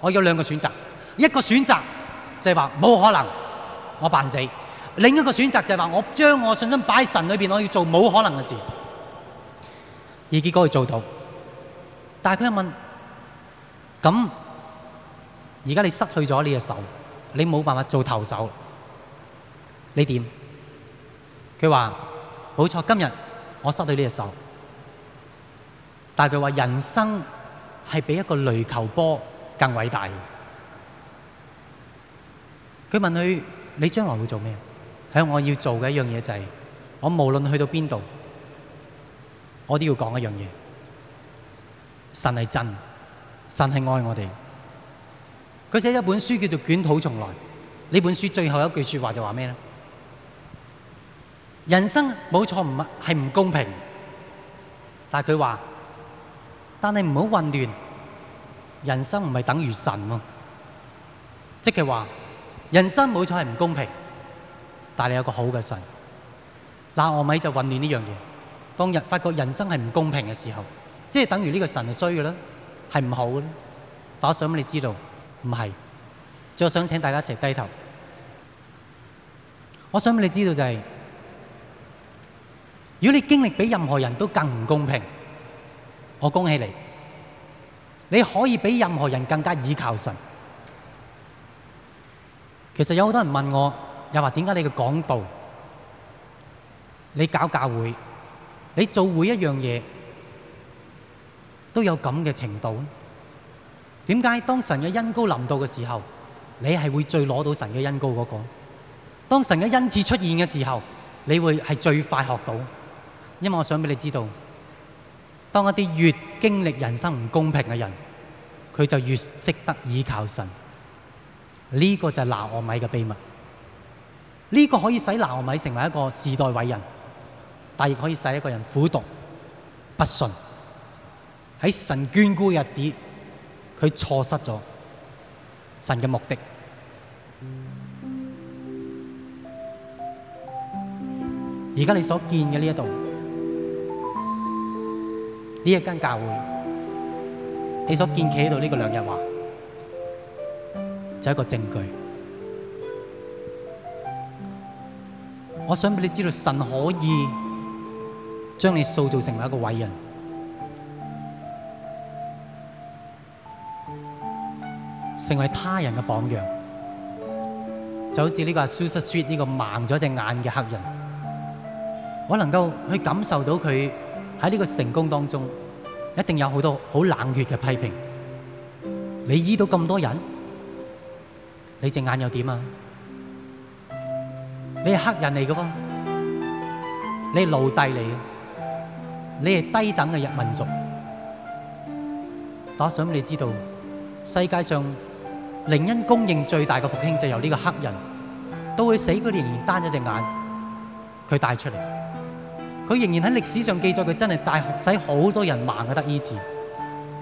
我有兩個選擇，一個選擇就係話冇可能我扮死。另一個選擇就係話，我將我信心擺喺神裏邊，我要做冇可能嘅事，而結果佢做到。但係佢問：咁而家你失去咗呢隻手，你冇辦法做投手，你點？佢話：冇錯，今日我失去呢隻手。但係佢話：人生係比一個雷球波更偉大嘅。佢問佢：你將來會做咩？喺我要做嘅一樣嘢就係，我無論去到邊度，我都要講一樣嘢。神係真，神係愛我哋。佢寫了一本書叫做《卷土重來》，呢本書最後一句說話就話咩咧？人生冇錯係唔公平，但係佢話，但係唔好混亂。人生唔係等於神喎，即係話，人生冇錯係唔公平。但係你有個好嘅神，拿我咪就混亂呢樣嘢。當人發覺人生係唔公平嘅時候，即係等於呢個神係衰嘅咧，係唔好嘅咧。我想俾你知道，唔係。最後想請大家一齊低頭，我想俾你知道就係，如果你經歷比任何人都更唔公平，我恭喜你，你可以比任何人更加倚靠神。其實有好多人問我。又話點解你嘅講道，你搞教會，你做每一樣嘢，都有咁嘅程度？點解當神嘅恩膏臨到嘅時候，你係會最攞到神嘅恩膏嗰、那個？當神嘅恩賜出現嘅時候，你會係最快學到，因為我想俾你知道，當一啲越經歷人生唔公平嘅人，佢就越識得依靠神。呢、這個就係拿俄米嘅秘密。呢、這個可以使拿俄米成為一個時代偉人，但亦可以使一個人苦讀、不順。喺神眷顧嘅日子，佢錯失咗神嘅目的。而家你所見嘅呢一度，呢一間教會，你所見企喺度呢個梁日華，就係、一個證據。我想俾你知道，神可以將你塑造成為一個偉人，成為他人嘅榜樣。就好似呢個 Susan Sweet 呢個盲咗隻眼嘅黑人，我能夠去感受到佢喺呢個成功當中，一定有好多好冷血嘅批評。你醫到咁多人，你隻眼又點啊？你係黑人嚟嘅噃？你係奴隸嚟嘅，你係低等嘅日民族。但我想你知道世界上靈恩公認最大嘅復興就係由呢個黑人，到佢死嗰年單咗隻眼佢帶出嚟，佢仍然喺歷史上記載佢真係帶使好多人盲嘅得醫治。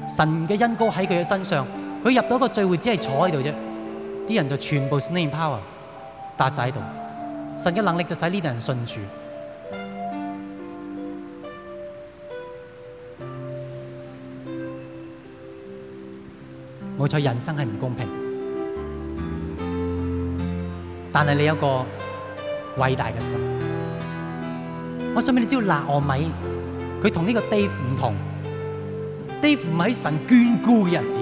神嘅恩膏喺佢嘅身上，佢入到一個聚會只係坐喺度啫，啲人就全部 snipower n 搭晒喺度。神嘅能力就使呢啲人信住。冇錯，人生係唔公平，但係你有一個偉大嘅神。我想俾你知道，拿俄米佢同呢個 Dave 唔同。Dave 唔係神眷顧嘅日子，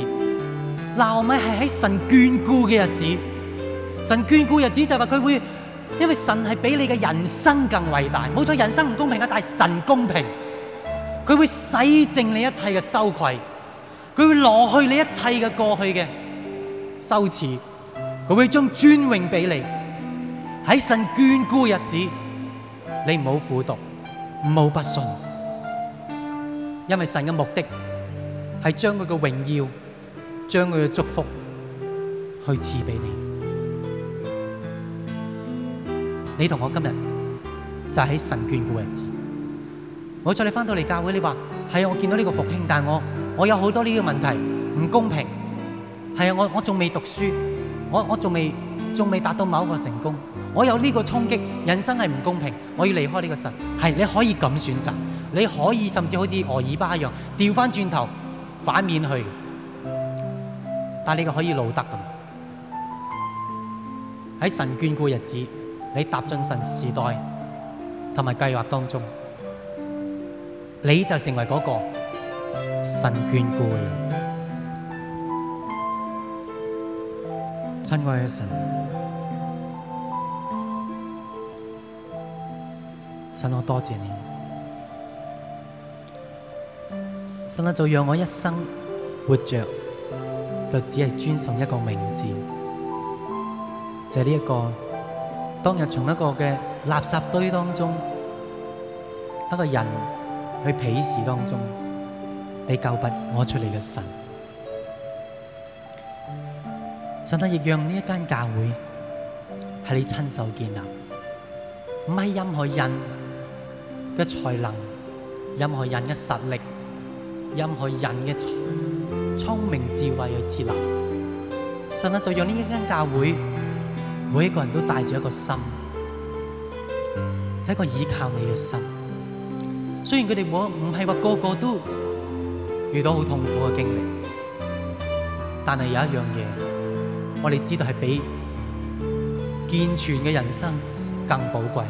拿俄米係喺神眷顧嘅日子。神眷顧日子就係話佢會。因為神係比你嘅人生更偉大，冇錯，人生唔公平嘅，但係神公平，佢會洗淨你一切嘅羞愧，佢會攞去你一切嘅過去嘅羞恥，佢會將尊榮俾你。喺神眷顧嘅日子，你唔好苦毒，唔好不信，因為神嘅目的係將佢嘅榮耀，將佢嘅祝福去賜俾你。你同我今日就喺、是、神眷顧日子。冇錯，你翻到嚟教會，你話係啊，我見到呢個復興，但係我我有好多呢個問題唔公平。係啊，我我仲未讀書，我我仲未仲未達到某一個成功，我有呢個衝擊，人生係唔公平。我要離開呢個神，係你可以咁選擇，你可以甚至好似俄珥巴一樣調翻轉頭反面去。但係你可以路得噶。喺神眷顧日子。你踏進神時代同埋計劃當中，你就成為嗰個神眷顧的人。親愛的神，神我多謝你，神就讓我一生活着，就只是尊崇一個名字，就是呢一個。當日從一個嘅垃圾堆當中，一個人去鄙視當中，你救拔我出嚟嘅神，神啊，亦讓呢一間教會係你親手建立，唔係任何人嘅才能，任何人嘅實力，任何人嘅聰明智慧嘅智能，神啊就讓呢一間教會。每一個人都帶住一個心，就係一個依靠你嘅心。雖然佢哋冇唔係話個個都遇到好痛苦嘅經歷，但係有一樣嘢，我哋知道係比健全嘅人生更寶貴，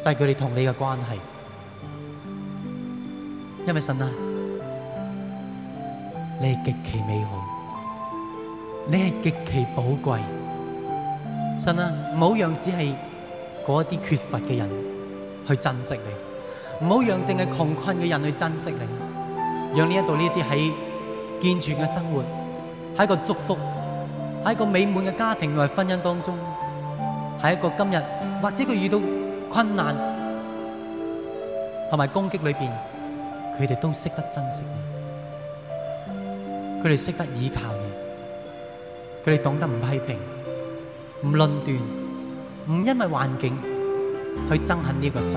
就係佢哋同你嘅關係。因為神啊，你係極其美好，你係極其寶貴。神啦，唔好讓只係嗰一啲缺乏嘅人去珍惜你，唔好讓淨係窮困嘅人去珍惜你，讓呢一度呢啲喺健全嘅生活，喺一個祝福，喺一個美滿嘅家庭同埋婚姻當中，喺一個今日或者佢遇到困難同埋攻擊裏邊，佢哋都識得珍惜你，佢哋識得依靠你，佢哋懂得唔批評。唔論斷，唔因為環境去憎恨呢個神。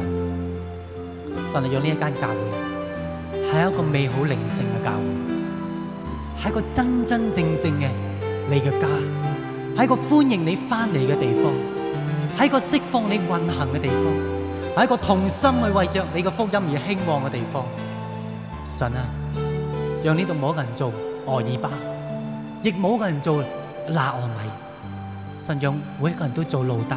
神嚟用呢一間教會係一個美好靈性嘅教會，係一個真真正正嘅你嘅家，係一個歡迎你翻嚟嘅地方，係一個釋放你運行嘅地方，係一個同心去為着你嘅福音而興旺嘅地方。神啊，讓呢度冇人做俄珥巴，亦冇人做拿俄米。神用每一個人都做路得，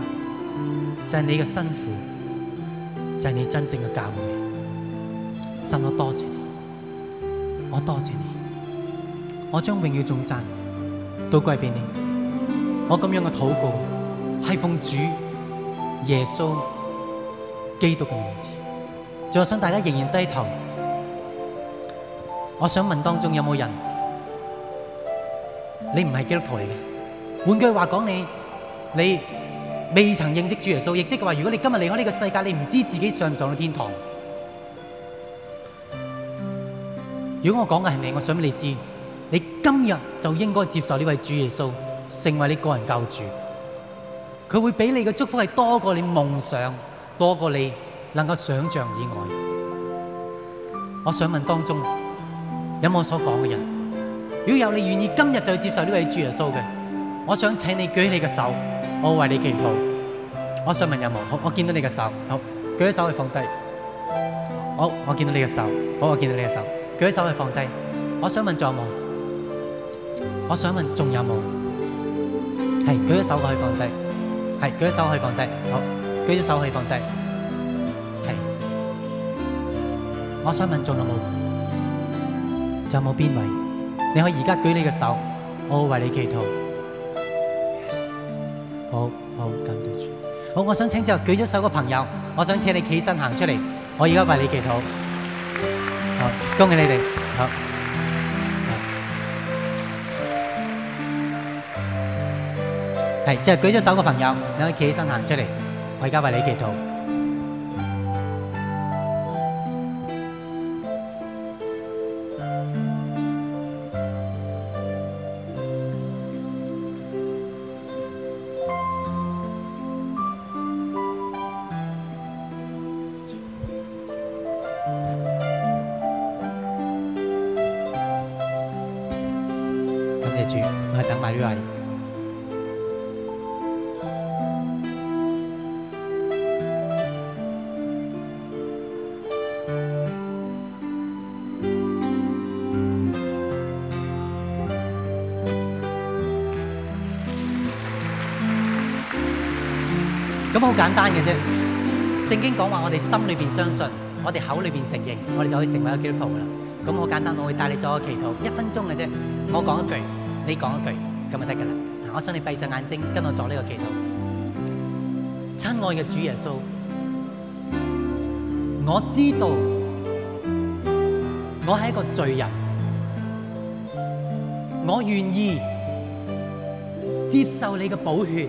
就係、是、你嘅辛苦，就係、是、你真正嘅教會。神，我多謝你，我多謝你，我將永遠頌讚，都歸俾你。我咁樣嘅禱告係奉主耶穌基督嘅名字。就想大家仍然低頭，我想問當中有冇人，你唔係基督徒嚟嘅？換句話講，你你未曾認識主耶穌，亦即係話，如果你今日離開呢個世界，你唔知自己上唔上到天堂。如果我講嘅係你，我想俾你知，你今日就應該接受呢位主耶穌，成為你個人救主。佢會俾你嘅祝福係多過你夢想，多過你能夠想象以外。我想問當中有冇所講嘅人，如果有你願意今日就接受呢位主耶穌嘅？我想請你舉你嘅手，我為你祈禱。我想問有冇？好，我見到你嘅手，好，舉起手去放低。好，我見到你嘅手，好，我見到你嘅手，舉起手去放低。我想問仲有冇？我想問仲有冇？係，舉起手可以放低。係，舉起手可以放低。好，舉起手可以放低。係。我想問仲有冇？仲有冇邊位？你可以而家舉你嘅手，我為你祈禱。好好，感謝住。好，我想請就舉咗手嘅朋友，我想請你起身行出嚟，我而家為你祈禱。好，恭喜你哋。好，係，就係舉咗手嘅朋友，你可以起身行出嚟，我而家為你祈禱。很好簡單嘅啫，聖經講話我哋心裏邊相信，我哋口裏邊承認，我哋就可以成為一個基督徒啦。咁好簡單，我會帶你做一個祈禱，一分鐘嘅啫。我講一句，你講一句，咁就得噶啦。我想你閉上眼睛，跟我做呢個祈禱。親愛嘅主耶穌，我知道我係一個罪人，我願意接受你嘅寶血。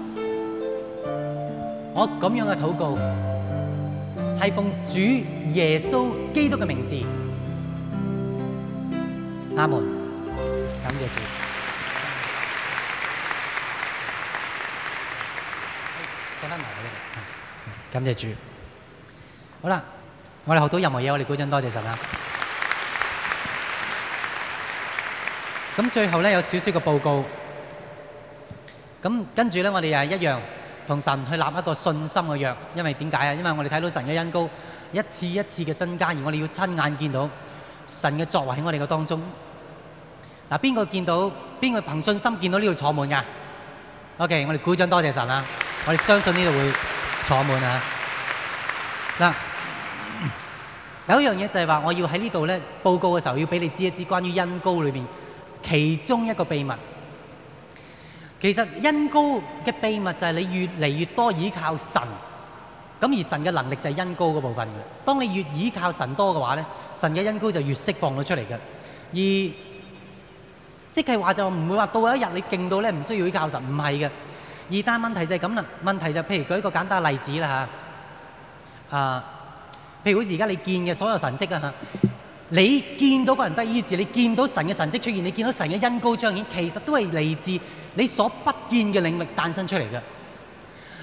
我咁樣嘅禱告係奉主耶穌基督嘅名字，阿門。感謝主。真係難得。感謝主。好啦，我哋學到任何嘢，我哋鼓掌，多謝神啊！咁最後呢，有少少嘅報告，咁跟住呢，我哋又係一樣。同神去立一個信心嘅約，因為點解啊？因為我哋睇到神嘅恩高一次一次嘅增加，而我哋要親眼見到神嘅作為喺我哋嘅當中。嗱、啊，邊個見到？邊個憑信心見到呢度坐滿㗎？OK，我哋鼓掌多謝神啦！我哋相信呢度會坐滿啊！嗱，有一樣嘢就係話，我要喺呢度咧報告嘅時候，要畀你知一知關於恩高裏面，其中一個秘密。其實恩膏嘅秘密就係你越嚟越多倚靠神，咁而神嘅能力就係恩膏嗰部分嘅。當你越倚靠神多嘅話咧，神嘅恩膏就越釋放咗出嚟嘅。而即係話就唔會話到有一日你勁到咧唔需要依靠神，唔係嘅。而但係問題就係咁啦。問題就係譬如舉一個簡單嘅例子啦吓，啊，啊，譬如好似而家你見嘅所有神跡啊，你見到個人得醫治，你見到神嘅神跡出現，你見到神嘅恩膏彰顯，其實都係嚟自你所不見嘅領域誕生出嚟嘅。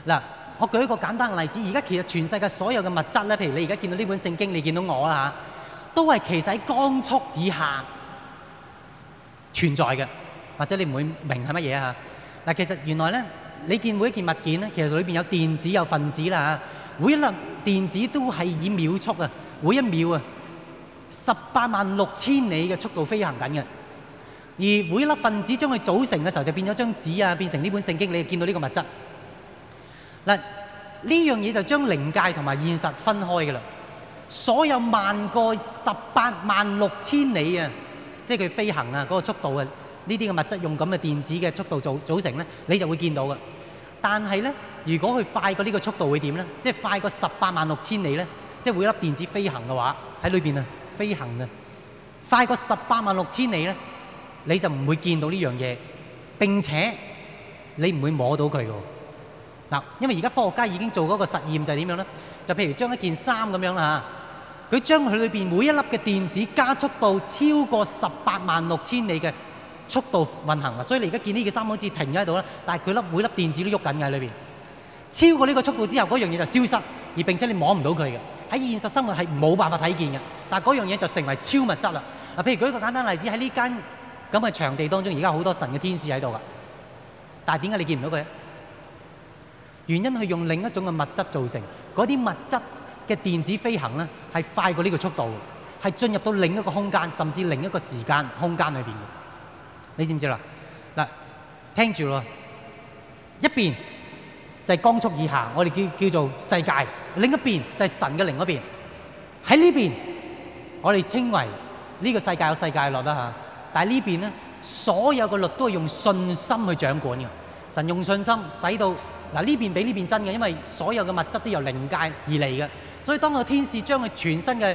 嗱，我舉一個簡單嘅例子。而家其實全世界所有嘅物質咧，譬如你而家見到呢本聖經，你見到我啦嚇，都係其實喺光速以下存在嘅，或者你唔會明白係乜嘢啊嚇。嗱，其實原來咧，你見每一件物件咧，其實裏面有電子有分子啦嚇，每一粒電子都係以秒速啊，每一秒啊，十八萬六千里嘅速度飛行緊嘅。而每粒分子將佢組成嘅時候，就變咗張紙啊，變成呢本聖經，你見到呢個物質。嗱，呢樣嘢就將靈界同埋現實分開嘅啦。所有萬個十八萬六千里啊，即係佢飛行啊嗰個速度啊，呢啲嘅物質用咁嘅電子嘅速度組組成咧，你就會見到嘅。但係咧，如果佢快過呢個速度會點咧？即係快過十八萬六千里咧，即係每粒電子飛行嘅話，喺裏邊啊，飛行啊，快過十八萬六千里咧。你就唔會見到呢樣嘢，並且你唔會摸到佢㗎。嗱，因為而家科學家已經做嗰個實驗，就係點樣咧？就譬如將一件衫咁樣啦嚇，佢將佢裏邊每一粒嘅電子加速到超過十八萬六千里嘅速度運行啦。所以你而家見呢件衫好似停咗喺度啦，但係佢粒每粒電子都喐緊嘅喺裏邊。超過呢個速度之後，嗰樣嘢就消失，而並且你摸唔到佢嘅。喺現實生活係冇辦法睇見嘅，但係嗰樣嘢就成為超物質啦。嗱，譬如舉一個簡單例子喺呢間。咁係場地當中，而家好多神嘅天使喺度噶，但係點解你見唔到佢？原因係用另一種嘅物質造成，嗰啲物質嘅電子飛行咧係快過呢個速度，係進入到另一個空間，甚至另一個時間空間裏邊。你知唔知啦？嗱，聽住咯，一邊就係光速以下，我哋叫叫做世界；另一邊就係神嘅另一邊。喺呢邊，我哋稱為呢個世界嘅世界落得嚇。但係呢邊咧，所有嘅律都係用信心去掌管嘅。神用信心使到嗱呢邊比呢邊真嘅，因為所有嘅物質都由靈界而嚟嘅。所以當個天使將佢全身嘅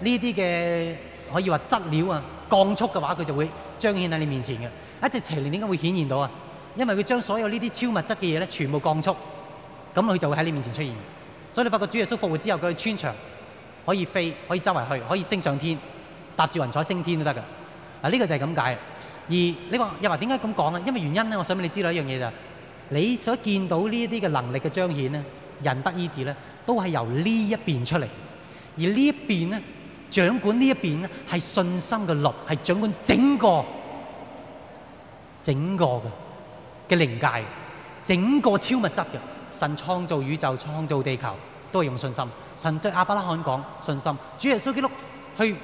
呢啲嘅可以話質料啊降速嘅話，佢就會彰顯喺你面前嘅。一隻邪靈點解會顯現到啊？因為佢將所有呢啲超物質嘅嘢咧全部降速，咁佢就會喺你面前出現。所以你發覺主耶穌復活之後，佢穿牆可以飛，可以周圍去，可以升上天，搭住雲彩升天都得㗎。嗱，呢個就係咁解。而你話又話點解咁講咧？因為原因咧，我想俾你知道一樣嘢就係，你所見到呢一啲嘅能力嘅彰顯咧，仁德醫治咧，都係由呢一邊出嚟。而呢一邊咧，掌管呢一邊咧，係信心嘅律，係掌管整個整個嘅嘅靈界，整個超物質嘅神創造宇宙、創造地球，都係用信心。神對亞伯拉罕講信心，主耶穌基督去。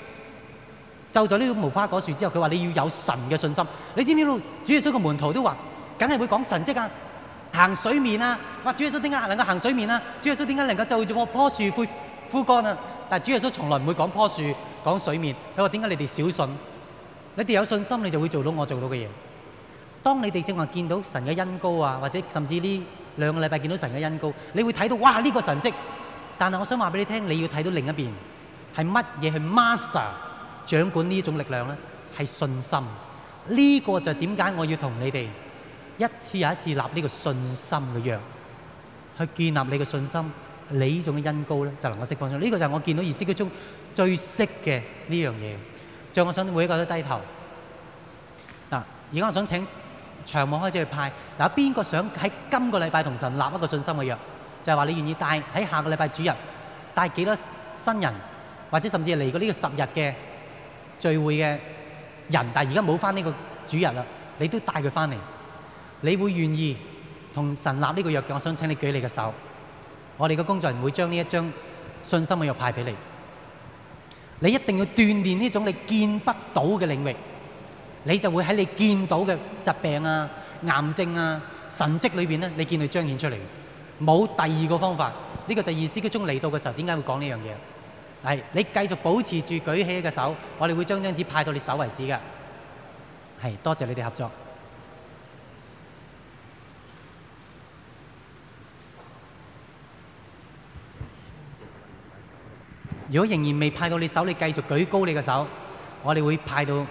就咗呢棵無花果樹之後，佢話你要有神嘅信心。你知唔知道？主耶穌嘅門徒都話，梗係會講神跡啊，行水面啊。話主耶穌點解能夠行水面啊？主耶穌點解能夠就住棵樹枯乾啊？但係主耶穌從來唔會講棵樹，講水面。佢話點解你哋小信？你哋有信心，你就會做到我做到嘅嘢。當你哋正話見到神嘅恩膏啊，或者甚至呢兩個禮拜見到神嘅恩膏，你會睇到哇，呢個神跡。但係我想話俾你聽，你要睇到另一邊係乜嘢係 master。掌管呢種力量咧，係信心。呢個就點解我要同你哋一次又一次立呢個信心嘅約，去建立你嘅信心。你呢種嘅恩膏咧，就能夠釋放出嚟。呢個就係我見到以色列中最識嘅呢樣嘢。最後我想每一位都低頭嗱，而家我想請長望開始去派嗱，有邊個想喺今個禮拜同神立一個信心嘅約，就係話你願意帶喺下個禮拜主日帶幾多新人，或者甚至係嚟過呢個十日嘅聚會嘅人，但係而家冇翻呢個主日啦，你都帶佢翻嚟，你會願意同神立呢個約嘅？我想請你舉你嘅手，我哋嘅工作人員會將呢一張信心嘅約派俾你。你一定要鍛鍊呢種你見不到嘅領域，你就會喺你見到嘅疾病啊、癌症啊、神跡裏邊咧，你見佢彰顯出嚟。冇第二個方法，呢、這個就係意思基督嚟到嘅時候為什麼，點解會講呢樣嘢？係，你繼續保持住舉起嘅手，我哋會將張紙派到你手為止嘅。係，多謝你哋合作。如果仍然未派到你手，你繼續舉高你嘅手，我哋會派到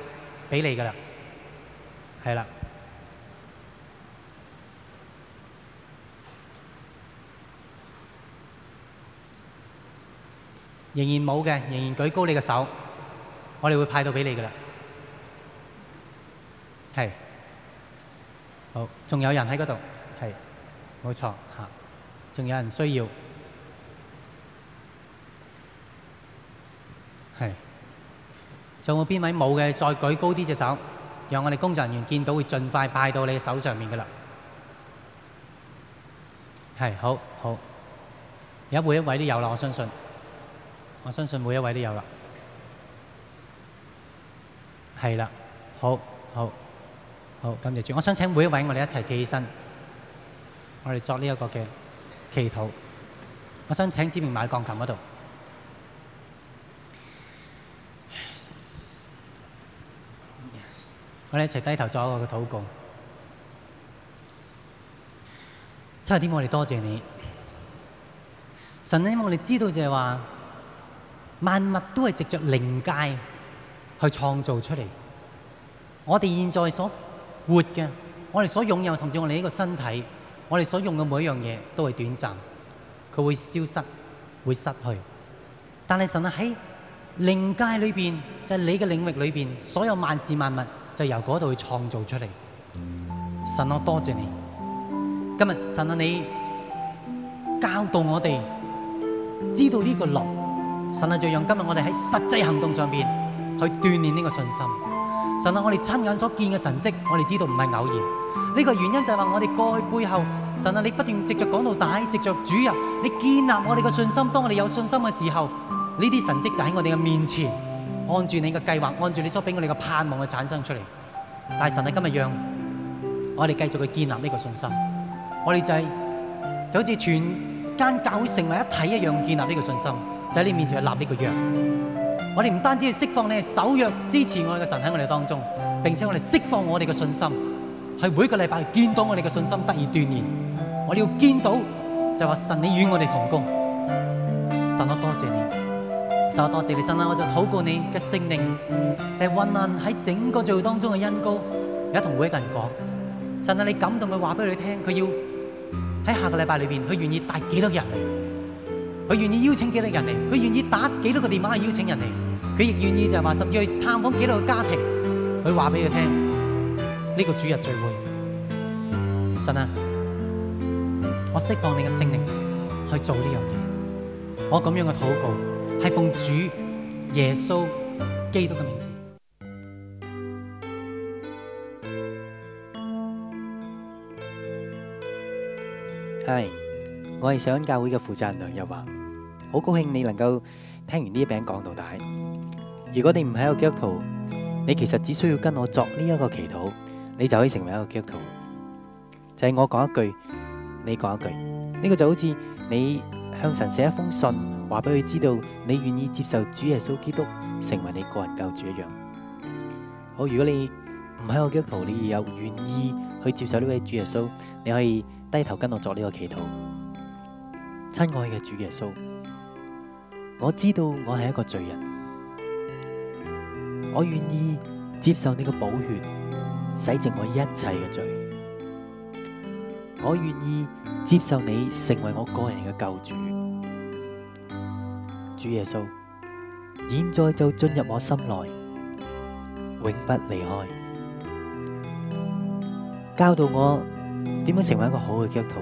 俾你㗎啦。係啦。仍然冇嘅，仍然舉高你嘅手，我哋會派到畀你㗎喇。係，好，仲有人喺嗰度，係，冇錯，嚇，仲有人需要，係，仲有邊位冇嘅？再舉高啲隻手，讓我哋工作人員見到，會盡快派到你手上面㗎喇。係，好好，而家每一位都有啦，我相信。我相信每一位都有啦，係啦好，好，好，感謝主持人。我想請每一位我哋一齊企起身，我哋作呢一個嘅祈禱。我想請知明買鋼琴嗰度，yes, yes. 我哋一齊低頭作一個嘅禱告。差啲我哋多謝，謝你，神呢，我你知道就係話。萬物都係藉着靈界去創造出嚟。我哋現在所活嘅，我哋所擁有，甚至我哋呢個身體，我哋所用嘅每一樣嘢都係短暫，佢會消失，會失去。但係神啊喺靈界裏邊，就係你嘅領域裏邊，所有萬事萬物就由嗰度去創造出嚟。神啊，多謝你。今日神啊，你教導我哋知道呢個樂。神啊，就讓今日我哋喺實際行動上邊去鍛煉呢個信心。神啊，我哋親眼所見嘅神蹟，我哋知道唔係偶然。呢、這個原因就係話我哋過去背後，神啊，你不斷藉著講到大藉著主入，你建立我哋嘅信心。當我哋有信心嘅時候，呢啲神蹟就喺我哋嘅面前，按住你嘅計劃，按住你所俾我哋嘅盼望去產生出嚟。但係神啊，今日讓我哋繼續去建立呢個信心。我哋就係、是、就好似全間教會成為一體一樣，建立呢個信心。喺你面前立呢個約，我哋唔單止釋放你守約支持我嘅神喺我哋當中，並且我哋釋放我哋嘅信心，係每個禮拜嚟見到我哋嘅信心得以鍛煉。我哋要見到就話、是、神，你與我哋同工。神啊，多謝你，神啊，多謝你，神啊，我就禱告你嘅聖靈，就係、是、混亂喺整個聚會當中嘅恩膏。而家同每一個人講，神啊，你感動佢話俾你聽，佢要喺下個禮拜裏邊，佢願意帶幾多人嚟？佢願意邀請幾多人嚟？佢願意打幾多個電話去邀請人嚟？佢亦願意就係話，甚至去探訪幾多個家庭，佢話俾佢聽：呢個主日聚會，神啊，我釋放你嘅聖靈去做呢樣嘢。我咁樣嘅禱告係奉主耶穌基督嘅名字。係。我係上教會嘅負責人梁日華，好高興你能夠聽完呢一篇講道大。如果你唔喺一個基督徒，你其實只需要跟我作呢一個祈禱，你就可以成為一個基督徒。就係、是、我講一句，你講一句，呢、這個就好似你向神寫一封信，話俾佢知道你願意接受主耶穌基督成為你個人救主一樣。好，如果你唔喺一個基督徒，你有願意去接受呢位主耶穌，你可以低頭跟我作呢個祈禱。親愛嘅主耶穌，我知道我係一個罪人，我願意接受你嘅寶血洗淨我一切嘅罪，我願意接受你成為我個人嘅救主。主耶穌，現在就進入我心內，永不離開，教導我點樣成為一個好嘅基督徒。